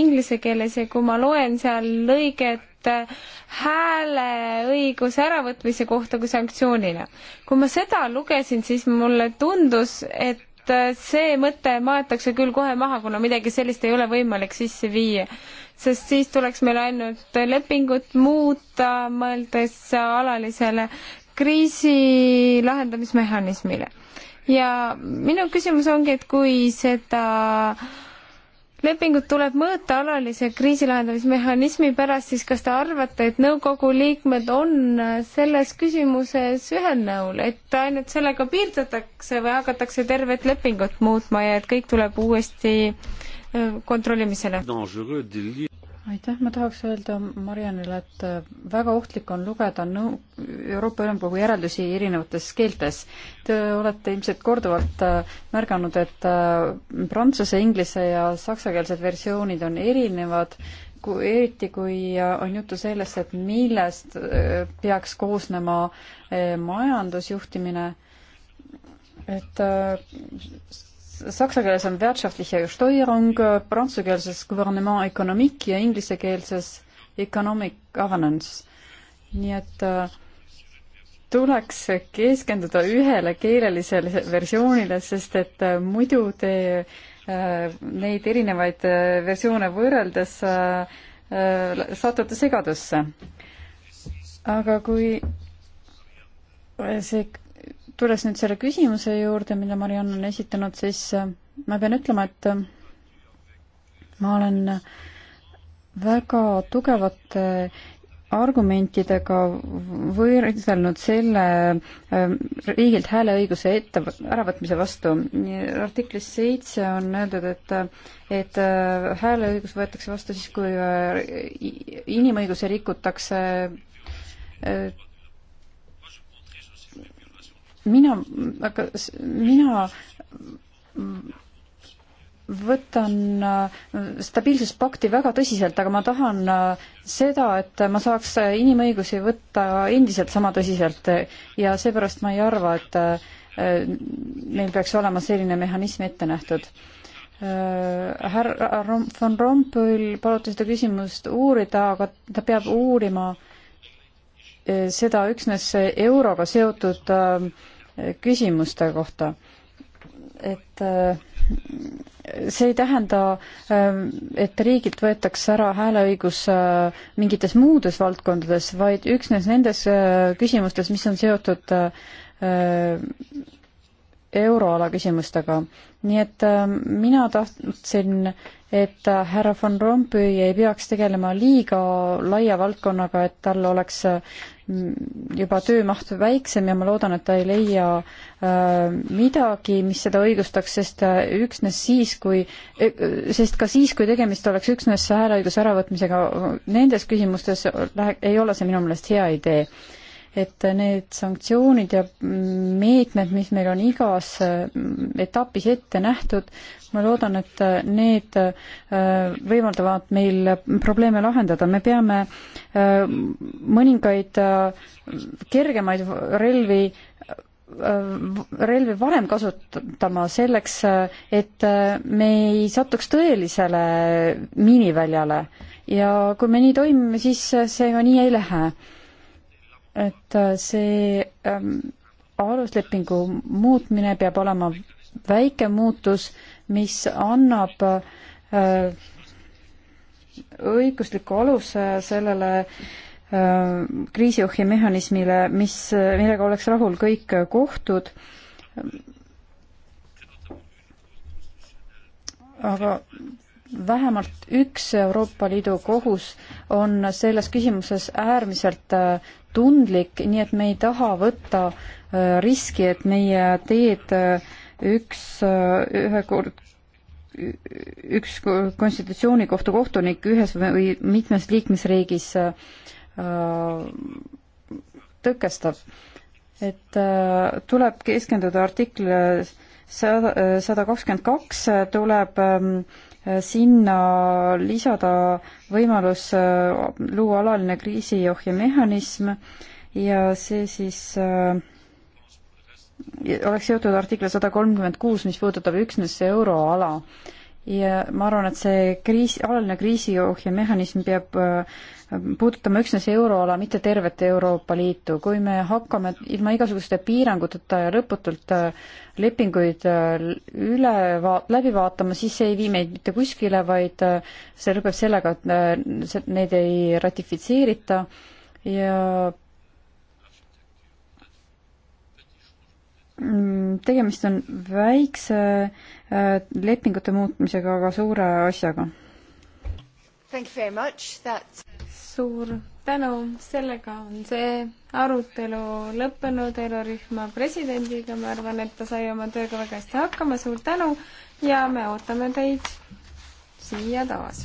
inglise keeles ja kui ma loen seal lõiget äh, hääleõiguse äravõtmise kohta kui sanktsioonina, kui ma seda lugesin, siis mulle tundus, et äh, see mõte maetakse küll kohe maha, kuna midagi sellist ei ole võimalik sisse viia. sest siis tuleks meil ainult lepingut muuta, mõeldes alalisele kriisi lahendamismehhanismile ja minu küsimus ongi, et kui seda lepingut tuleb mõõta alalise kriisi lahendamismehhanismi pärast, siis kas te arvate, et nõukogu liikmed on selles küsimuses ühel nõul, et ainult sellega piirdutakse või hakatakse tervet lepingut muutma ja et kõik tuleb uuesti kontrollimisele? aitäh, ma tahaks öelda Marianile, et äh, väga ohtlik on lugeda nõu-, Euroopa Ülemkogu järeldusi erinevates keeltes. Te olete ilmselt korduvalt äh, märganud, et äh, prantsuse, inglise ja saksakeelsed versioonid on erinevad, kui, eriti kui on juttu sellest, et millest peaks koosnema majandusjuhtimine, et saksa keeles on wirtschaftliche Steuerung, prantsuse keelses gouvernement economic ja inglisekeelses economic governance. nii et äh, tuleks keskenduda ühele keelelisele versioonile, sest et äh, muidu te äh, neid erinevaid versioone võrreldes satute segadusse. aga kui see tulles nüüd selle küsimuse juurde, mille Mariann on esitanud, siis äh, ma pean ütlema, et äh, ma olen väga tugevate argumentidega võrdelnud selle äh, riigilt hääleõiguse ette, äravõtmise vastu. artiklis seitse on öeldud, et, et hääleõigus võetakse vastu siis, kui inimõigusi rikutakse et mina, aga mina võtan äh, stabiilsuspakti väga tõsiselt, aga ma tahan äh, seda, et ma saaks äh, inimõigusi võtta endiselt sama tõsiselt ja seepärast ma ei arva, et meil peaks olema selline mehhanism ette nähtud. härra von Rompuy palute seda küsimust uurida, aga ta peab uurima äh, seda üksnes euroga seotud äh, küsimuste kohta. et äh, see ei tähenda, äh, et riigilt võetakse ära hääleõigus mingites muudes valdkondades, vaid üksnes nendes küsimustes, mis on seotud euroala küsimustega. nii et mina tahtsin et härra von Rompuy ei peaks tegelema liiga laia valdkonnaga, et tal oleks mm, juba töömaht väiksem ja ma loodan, et ta ei leia äh, midagi, mis seda õigustaks, sest äh, üksnes siis, kui, e, e, sest ka siis, kui tegemist oleks üksnes hääleõiguse äravõtmisega nendes küsimustes, ei ole see minu meelest hea idee et need sanktsioonid ja meetmed, mis meil on igas mm, etapis ette nähtud, ma loodan, et need äh, võimaldavad meil probleeme lahendada. me peame äh, mõningaid äh, kergemaid relvi relvi varem kasutama selleks, et me ei satuks tõelisele miiniväljale ja kui me nii toimime, siis see ka nii ei lähe et äh, see ähm, aluslepingu muutmine peab olema väike muutus, mis annab äh, õigusliku aluse sellele äh, kriisiohjemehhanismile, mis, millega oleks rahul kõik kohtud. aga vähemalt üks Euroopa Liidu kohus on selles küsimuses äärmiselt äh, tundlik, nii et me ei taha võtta äh, riski, et meie teed äh, üks, ühe kord, üks konstitutsioonikohtu kohtunik ühes või mitmes liikmesriigis tõkestab. et tuleb keskenduda artikli sada, sada kakskümmend kaks, tuleb äh, Äh, sinna lisada võimalus äh, luua alaline kriisiohjemehhanism ja see siis äh, oleks seotud artikli sada kolmkümmend kuus, mis puudutab üksnes euroala ja ma arvan, et see kriis, alaline kriisiohje mehhanism peab äh, puudutama üksnes euroala, mitte tervet Euroopa Liitu. kui me hakkame ilma igasuguste piiranguteta ja lõputult äh, lepinguid äh, üle va-, läbi vaatama, siis see ei vii meid mitte kuskile, vaid see lõpeb sellega, et neid ei ratifitseerita ja Mm, tegemist on väikse äh, lepingute muutmisega, aga suure asjaga. suur tänu, sellega on see arutelu lõppenud eurorühma presidendiga, ma arvan, et ta sai oma tööga väga hästi hakkama, suur tänu ja me ootame teid siia taas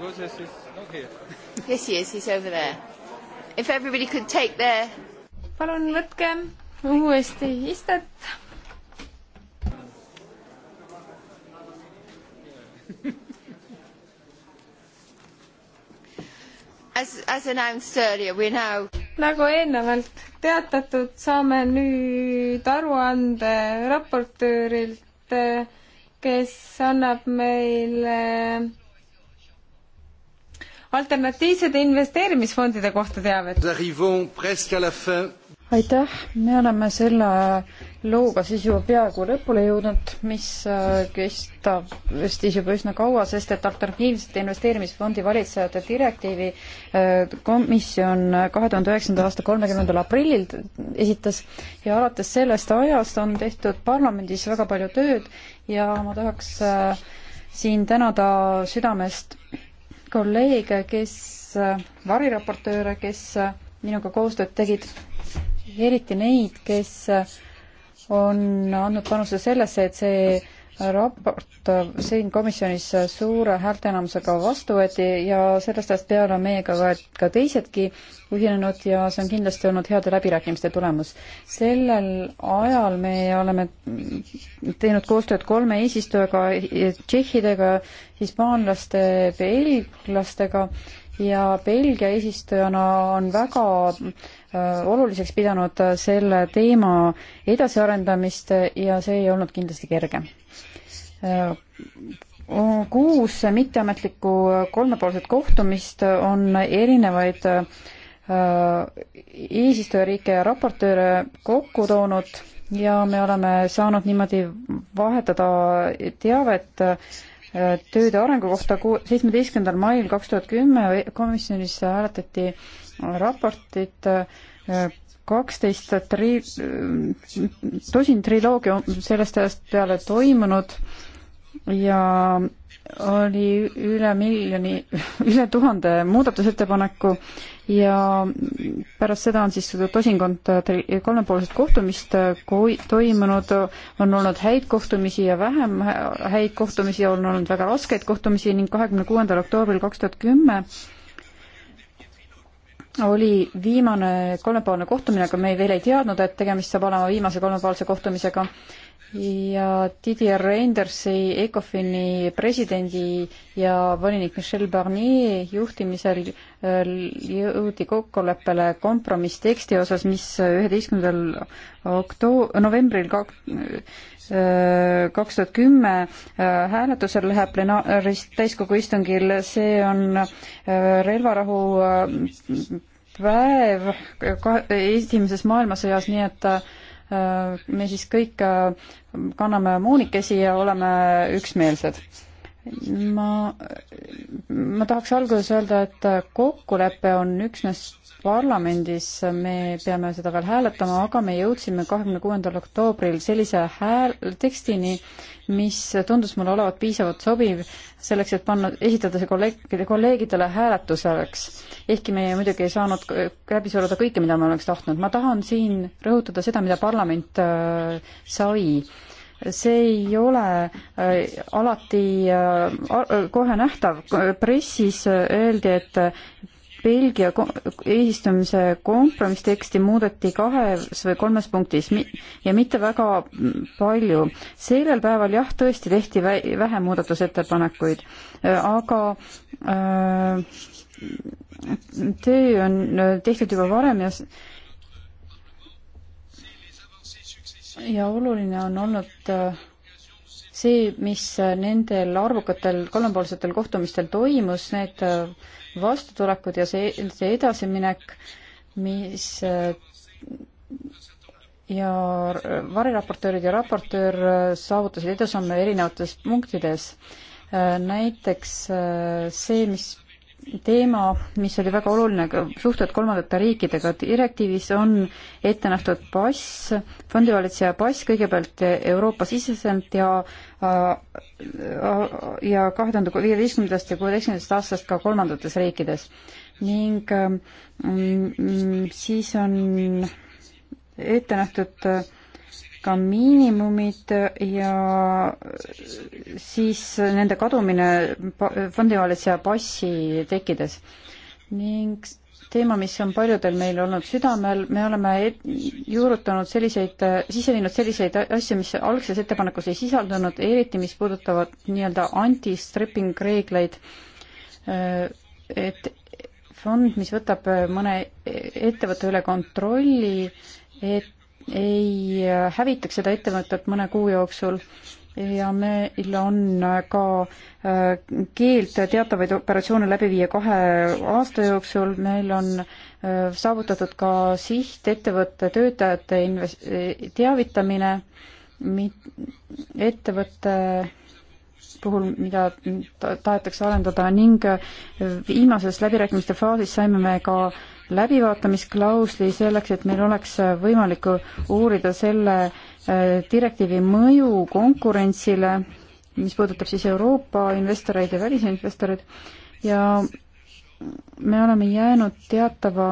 Gozes is not here. yes, he is. He's over there. If everybody could take their... palun võtke uuesti istet. As, as announced earlier, we now nagu eelnevalt teatatud, saame nüüd aruande raportöörilt, kes annab meile alternatiivsete investeerimisfondide kohta teavet? aitäh, me oleme selle looga siis juba peaaegu lõpule jõudnud, mis äh, kestab siis juba üsna kaua, sest et alternatiivsete investeerimisfondi valitsejate direktiivi äh, komisjon äh, kahe tuhande üheksanda aasta kolmekümnendal aprillil esitas ja alates sellest ajast on tehtud parlamendis väga palju tööd ja ma tahaks siin tänada südamest kolleege, kes, variraportööre, kes minuga koostööd tegid, eriti neid, kes on andnud panuse sellesse, et see raport äh, siin komisjonis suure häälteenamusega vastu võeti ja sellest ajast peale on meiega ka, ka teisedki ühinenud ja see on kindlasti olnud heade läbirääkimiste tulemus. sellel ajal me oleme teinud koostööd kolme eesistujaga, tšehhidega, hispaanlaste, belglastega ja Belgia eesistujana on väga äh, oluliseks pidanud äh, selle teema edasiarendamist ja see ei olnud kindlasti kerge. Äh, kuus mitteametlikku kolmepoolset kohtumist on erinevaid eesistujariike ja raportööre kokku toonud ja me oleme saanud niimoodi vahetada teavet äh, tööde arengu kohta seitsmeteistkümnendal mail kaks tuhat kümme komisjonis hääletati raportit äh, kaksteist tri-, tosin triloogia sellest ajast peale toimunud ja oli üle miljoni, üle tuhande muudatusettepaneku äh, ja pärast seda on siis tosinkond äh, kolmepoolset kohtumist äh, toimunud, äh, on olnud häid kohtumisi ja vähem häid kohtumisi, on olnud väga raskeid kohtumisi ning kahekümne kuuendal oktoobril kaks tuhat kümme oli viimane kolmepoolne kohtumine, aga me ei veel ei teadnud, et tegemist saab olema viimase kolmepoolse kohtumisega ja Didier Reindersi, ECOFIN-i presidendi ja volinik Michel Barnier juhtimisel äh, jõudi kokkuleppele kompromissteksti osas, mis üheteistkümnendal okto-, novembril kak-, kaks tuhat kümme äh, hääletusel läheb plenaarist äh, täiskogu istungil, see on äh, relvarahu päev esimeses maailmasõjas, nii et me siis kõik kanname moonikesi ja oleme üksmeelsed ma, ma tahaks alguses öelda, et kokkulepe on üksnes parlamendis me peame seda veel hääletama, aga me jõudsime kahekümne kuuendal oktoobril sellise hääl-, tekstini, mis tundus mulle olevat piisavalt sobiv selleks, et panna, esitada see kolleeg-, kolleegidele hääletuseks. ehkki me muidugi ei saanud läbi suruda kõike, mida me oleks tahtnud. ma tahan siin rõhutada seda, mida parlament äh, sai see ei ole äh, alati äh, kohe nähtav. pressis äh, öeldi, et Belgia eesistumise kompromissteksti muudeti kahes või kolmes punktis ja mitte väga palju. sellel päeval jah, tõesti tehti vähe muudatusettepanekuid, äh, aga äh, töö on äh, tehtud juba varem ja ja oluline on olnud äh, see, mis nendel arvukatel kolmepoolsetel kohtumistel toimus, need vastutulekud ja see, see edasiminek, mis ja variraportöörid ja raportöör saavutasid edusamme erinevates punktides. näiteks see, mis teema, mis oli väga oluline, suhted kolmandate riikidega. direktiivis on ette nähtud pass, fondivalitseja pass kõigepealt Euroopa-siseselt ja äh, äh, ja kahe tuhande viieteistkümnendast ja kuueteistkümnendast aastast ka kolmandates riikides. ning ähm, mm, siis on ette nähtud äh, ka miinimumid ja siis nende kadumine fondivalitseja passi tekkides. ning teema, mis on paljudel meil olnud südamel, me oleme juurutanud selliseid, sisse viinud selliseid asju, mis algses ettepanekus ei sisaldunud, eriti mis puudutavad nii-öelda anti-stripping reegleid, et fond, mis võtab mõne ettevõtte üle kontrolli, et ei äh, hävitaks seda ettevõtet mõne kuu jooksul ja meil on äh, ka äh, keeld teatavaid operatsioone läbi viia kahe aasta jooksul, meil on saavutatud ka sihtettevõtte töötajate invest-, teavitamine, ettevõtte puhul, mida tahetakse arendada ning viimases läbirääkimiste faasis saime me ka läbivaatamisklausli selleks, et meil oleks võimalik uurida selle äh, direktiivi mõju konkurentsile, mis puudutab siis Euroopa investoreid ja välisinvestoreid ja me oleme jäänud teatava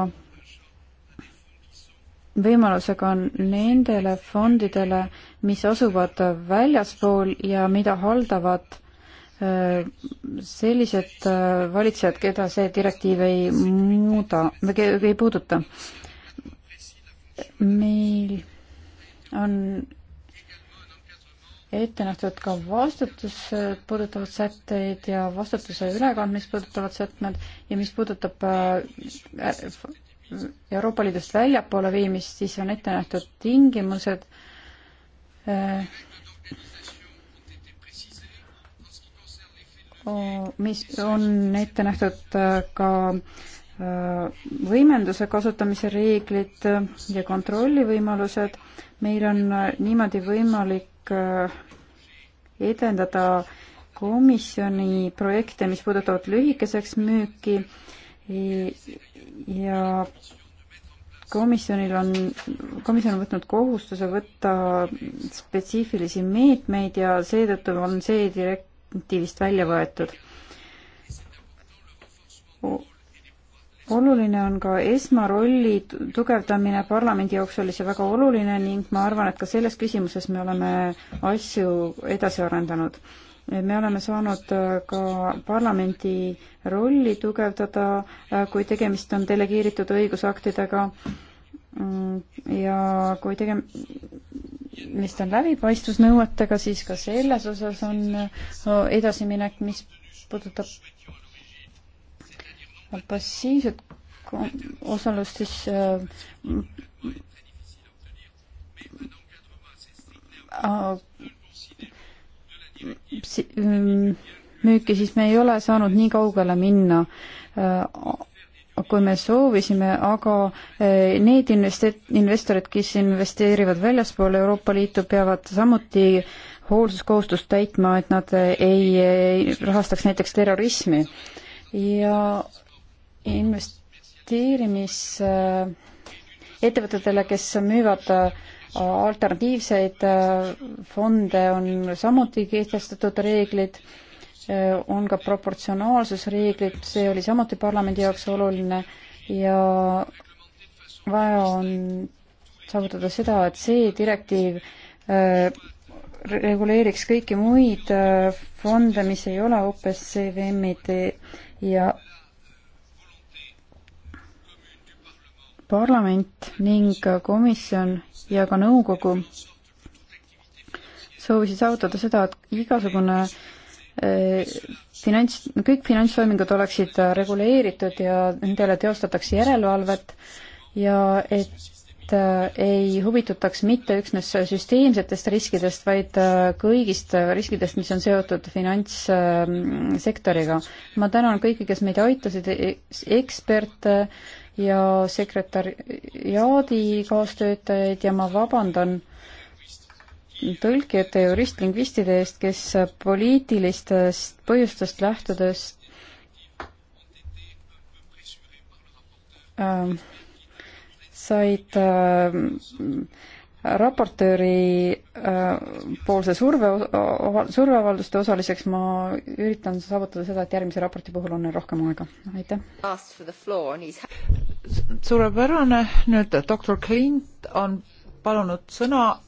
võimalusega nendele fondidele, mis asuvad väljaspool ja mida haldavad Äh, sellised äh, valitsejad, keda see direktiiv ei muuda, ei puuduta. meil on ette nähtud ka vastutus äh, puudutavad sätteid ja vastutuse ülekandmist puudutavad sätmed ja mis puudutab Euroopa Liidust väljapoole viimist, siis on ette nähtud tingimused, mis on ette nähtud äh, ka äh, võimenduse kasutamise reeglid ja kontrollivõimalused. meil on äh, niimoodi võimalik edendada komisjoni projekte, mis puudutavad lühikeseks müüki e, ja komisjonil on, komisjon on võtnud kohustuse võtta spetsiifilisi meetmeid ja seetõttu on see direkt-, direktiivist välja võetud. oluline on ka esmarolli tugevdamine, parlamendi jaoks oli see väga oluline ning ma arvan, et ka selles küsimuses me oleme asju edasi arendanud. me oleme saanud äh, ka parlamendi rolli tugevdada, äh, kui tegemist on delegeeritud õigusaktidega Mm, ja kui tegemist on läbipaistvusnõuetega, siis ka selles osas on edasiminek, mis puudutab passiivset osalust, siis äh, mm, müüki, siis me ei ole saanud nii kaugele minna äh, kui me soovisime, aga eh, need investe-, investorid, kes investeerivad väljaspool Euroopa Liitu, peavad samuti hoolsuskohustust täitma, et nad eh, ei eh, rahastaks näiteks terrorismi. ja investeerimisettevõtetele, kes müüvad alternatiivseid fonde, on samuti kehtestatud reeglid Äh, on ka proportsionaalsusreeglid, see oli samuti parlamendi jaoks oluline ja vaja on saavutada seda, et see direktiiv äh, reguleeriks kõiki muid äh, fonde, mis ei ole OPCVM-id ja parlament ning komisjon ja ka nõukogu soovisid saavutada seda, et igasugune äh, Äh, finants, kõik finantstoimingud oleksid äh, reguleeritud ja nendele teostatakse järelevalvet ja et äh, ei huvitutaks mitte üksnes süsteemsetest riskidest, vaid kõigist riskidest, mis on seotud finantssektoriga. ma tänan kõiki, kes meid aitasid, e-, eksperte ja sekretäriaadi kaastöötajaid ja ma vabandan tõlkijate, jurist-lingvistide eest, kes poliitilistest põhjustest lähtudes äh, said äh, raportööri äh, poolse surve, surveavalduste osaliseks ma üritan saavutada seda, et järgmise raporti puhul on neil rohkem aega. aitäh. suurepärane, nüüd doktor Klint on palunud sõna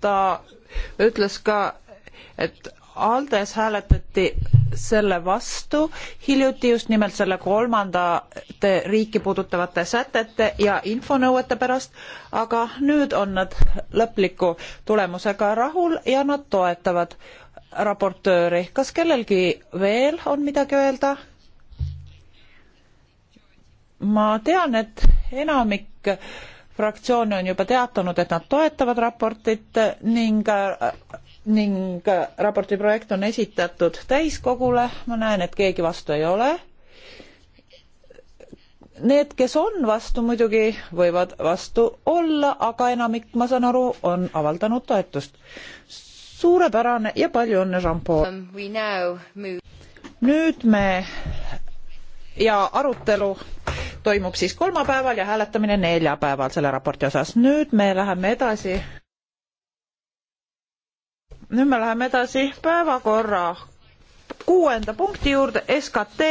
ta ütles ka, et Aldes hääletati selle vastu hiljuti just nimelt selle kolmandate riiki puudutavate sätete ja infonõuete pärast, aga nüüd on nad lõpliku tulemusega rahul ja nad toetavad raportööri. kas kellelgi veel on midagi öelda? ma tean, et enamik fraktsioone on juba teatanud, et nad toetavad raportit ning ning raporti projekt on esitatud täiskogule, ma näen, et keegi vastu ei ole. Need, kes on vastu muidugi, võivad vastu olla, aga enamik, ma saan aru, on avaldanud toetust. suurepärane ja palju õnne, Jean-Paul! Um, nüüd me ja arutelu toimub siis kolmapäeval ja hääletamine neljapäeval selle raporti osas. nüüd me läheme edasi. nüüd me läheme edasi päevakorra kuuenda punkti juurde, SKT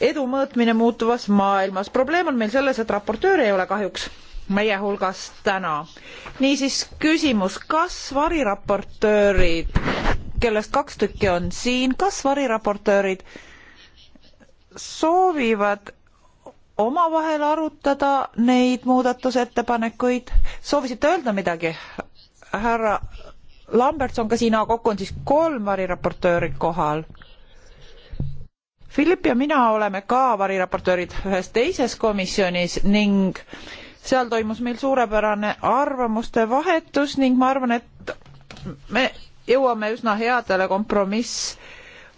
edu mõõtmine muutuvas maailmas. probleem on meil selles, et raportööri ei ole kahjuks meie hulgas täna. niisiis küsimus, kas variraportöörid, kellest kaks tükki on siin, kas variraportöörid soovivad omavahel arutada neid muudatusettepanekuid. soovisite öelda midagi? härra Lamberts on ka siin, aga kokku on siis kolm variraportööri kohal. Philipp ja mina oleme ka variraportöörid ühes teises komisjonis ning seal toimus meil suurepärane arvamuste vahetus ning ma arvan, et me jõuame üsna headele kompromiss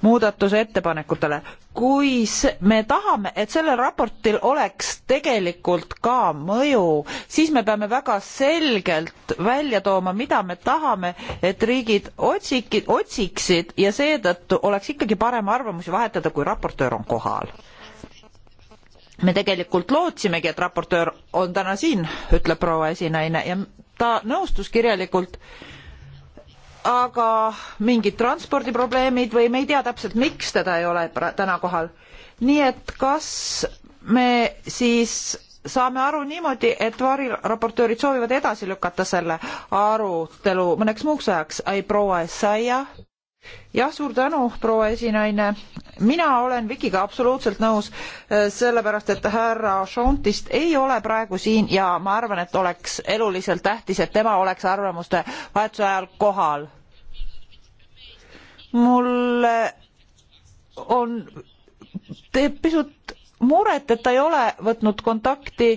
muudatusettepanekutele. kui me tahame, et sellel raportil oleks tegelikult ka mõju, siis me peame väga selgelt välja tooma, mida me tahame, et riigid otsiki, otsiksid ja seetõttu oleks ikkagi parem arvamusi vahetada, kui raportöör on kohal me tegelikult lootsimegi, et raportöör on täna siin, ütleb proua esinaine ja ta nõustus kirjalikult äh, aga mingid transpordiprobleemid või me ei tea täpselt, miks teda ei ole täna kohal. nii et kas me siis saame aru niimoodi, et variraportöörid soovivad edasi lükata selle arutelu mõneks muuks ajaks. ai proua Essaia jah, suur tänu, proua esinaine. mina olen Vikiga absoluutselt nõus, eh, sellepärast et härra Šontist ei ole praegu siin ja ma arvan, et oleks eluliselt tähtis, et tema oleks arvamuste vahetuse ajal kohal. mul on, teeb pisut muret, et ta ei ole võtnud kontakti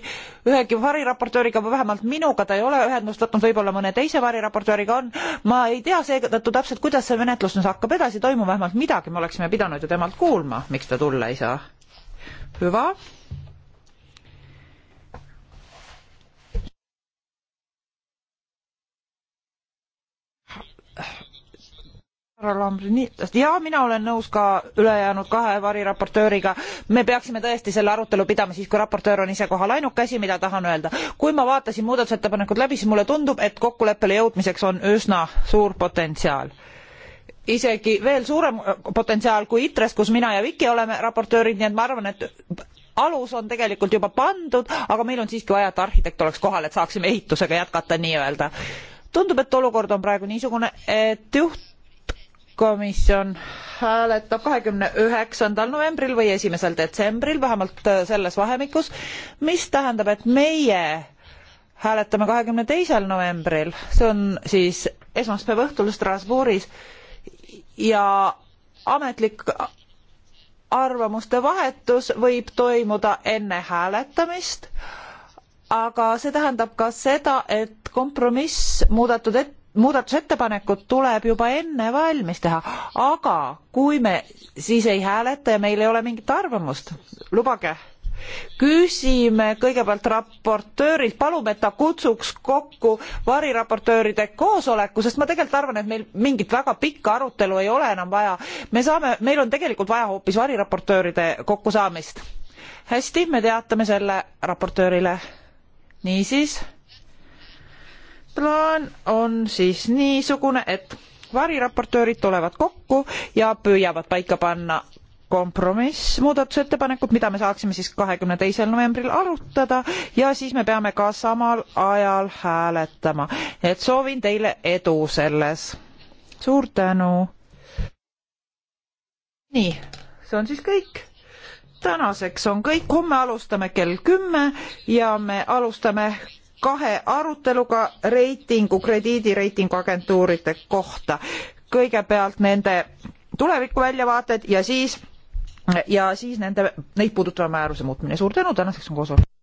ühegi variraportööriga või vähemalt minuga ta ei ole ühendust võtnud, võib-olla mõne teise variraportööriga on. ma ei tea seetõttu täpselt, kuidas see menetlus nüüd hakkab edasi toimuma, vähemalt midagi me oleksime pidanud ju temalt kuulma, miks ta tulla ei saa. hüva härra Lambrini, ja mina olen nõus ka ülejäänud kahe variraportööriga. me peaksime tõesti selle arutelu pidama siis, kui raportöör on ise kohal. ainuke asi, mida tahan öelda, kui ma vaatasin muudatusettepanekud läbi, siis mulle tundub, et kokkuleppele jõudmiseks on üsna suur potentsiaal. isegi veel suurem äh, potentsiaal kui ITRES, kus mina ja Viki oleme raportöörid, nii et ma arvan, et alus on tegelikult juba pandud, aga meil on siiski vaja, et arhitekt oleks kohal, et saaksime ehitusega jätkata nii-öelda. tundub, et olukord on praegu niisugune, et juht komisjon hääletab kahekümne üheksandal novembril või esimesel detsembril vähemalt äh, selles vahemikus mis tähendab et meie hääletame kahekümne teisel novembril see on siis esmaspäeva õhtul strasbourgis ja ametlik arvamuste vahetus võib toimuda enne hääletamist aga see tähendab ka seda et kompromiss muudetud et- muudatusettepanekud tuleb juba enne valmis teha, aga kui me siis ei hääleta ja meil ei ole mingit arvamust, lubage, küsime kõigepealt raportöörilt, palume, et ta kutsuks kokku variraportööride koosoleku, sest ma tegelikult arvan, et meil mingit väga pikka arutelu ei ole enam vaja. me saame, meil on tegelikult vaja hoopis variraportööride kokkusaamist. hästi, me teatame selle raportöörile. niisiis plaan on siis niisugune, et variraportöörid tulevad kokku ja püüavad paika panna kompromissmuudatusettepanekud, mida me saaksime siis kahekümne teisel novembril arutada ja siis me peame ka samal ajal hääletama. et soovin teile edu selles. suur tänu. nii, see on siis kõik. tänaseks on kõik, homme alustame kell kümme ja me alustame kahe aruteluga reitingu, krediidireitingu agentuuride kohta. kõigepealt nende tulevikuväljavaated ja siis ja siis nende, neid puudutava määruse muutmine. suur tänu, tänaseks on koosolek.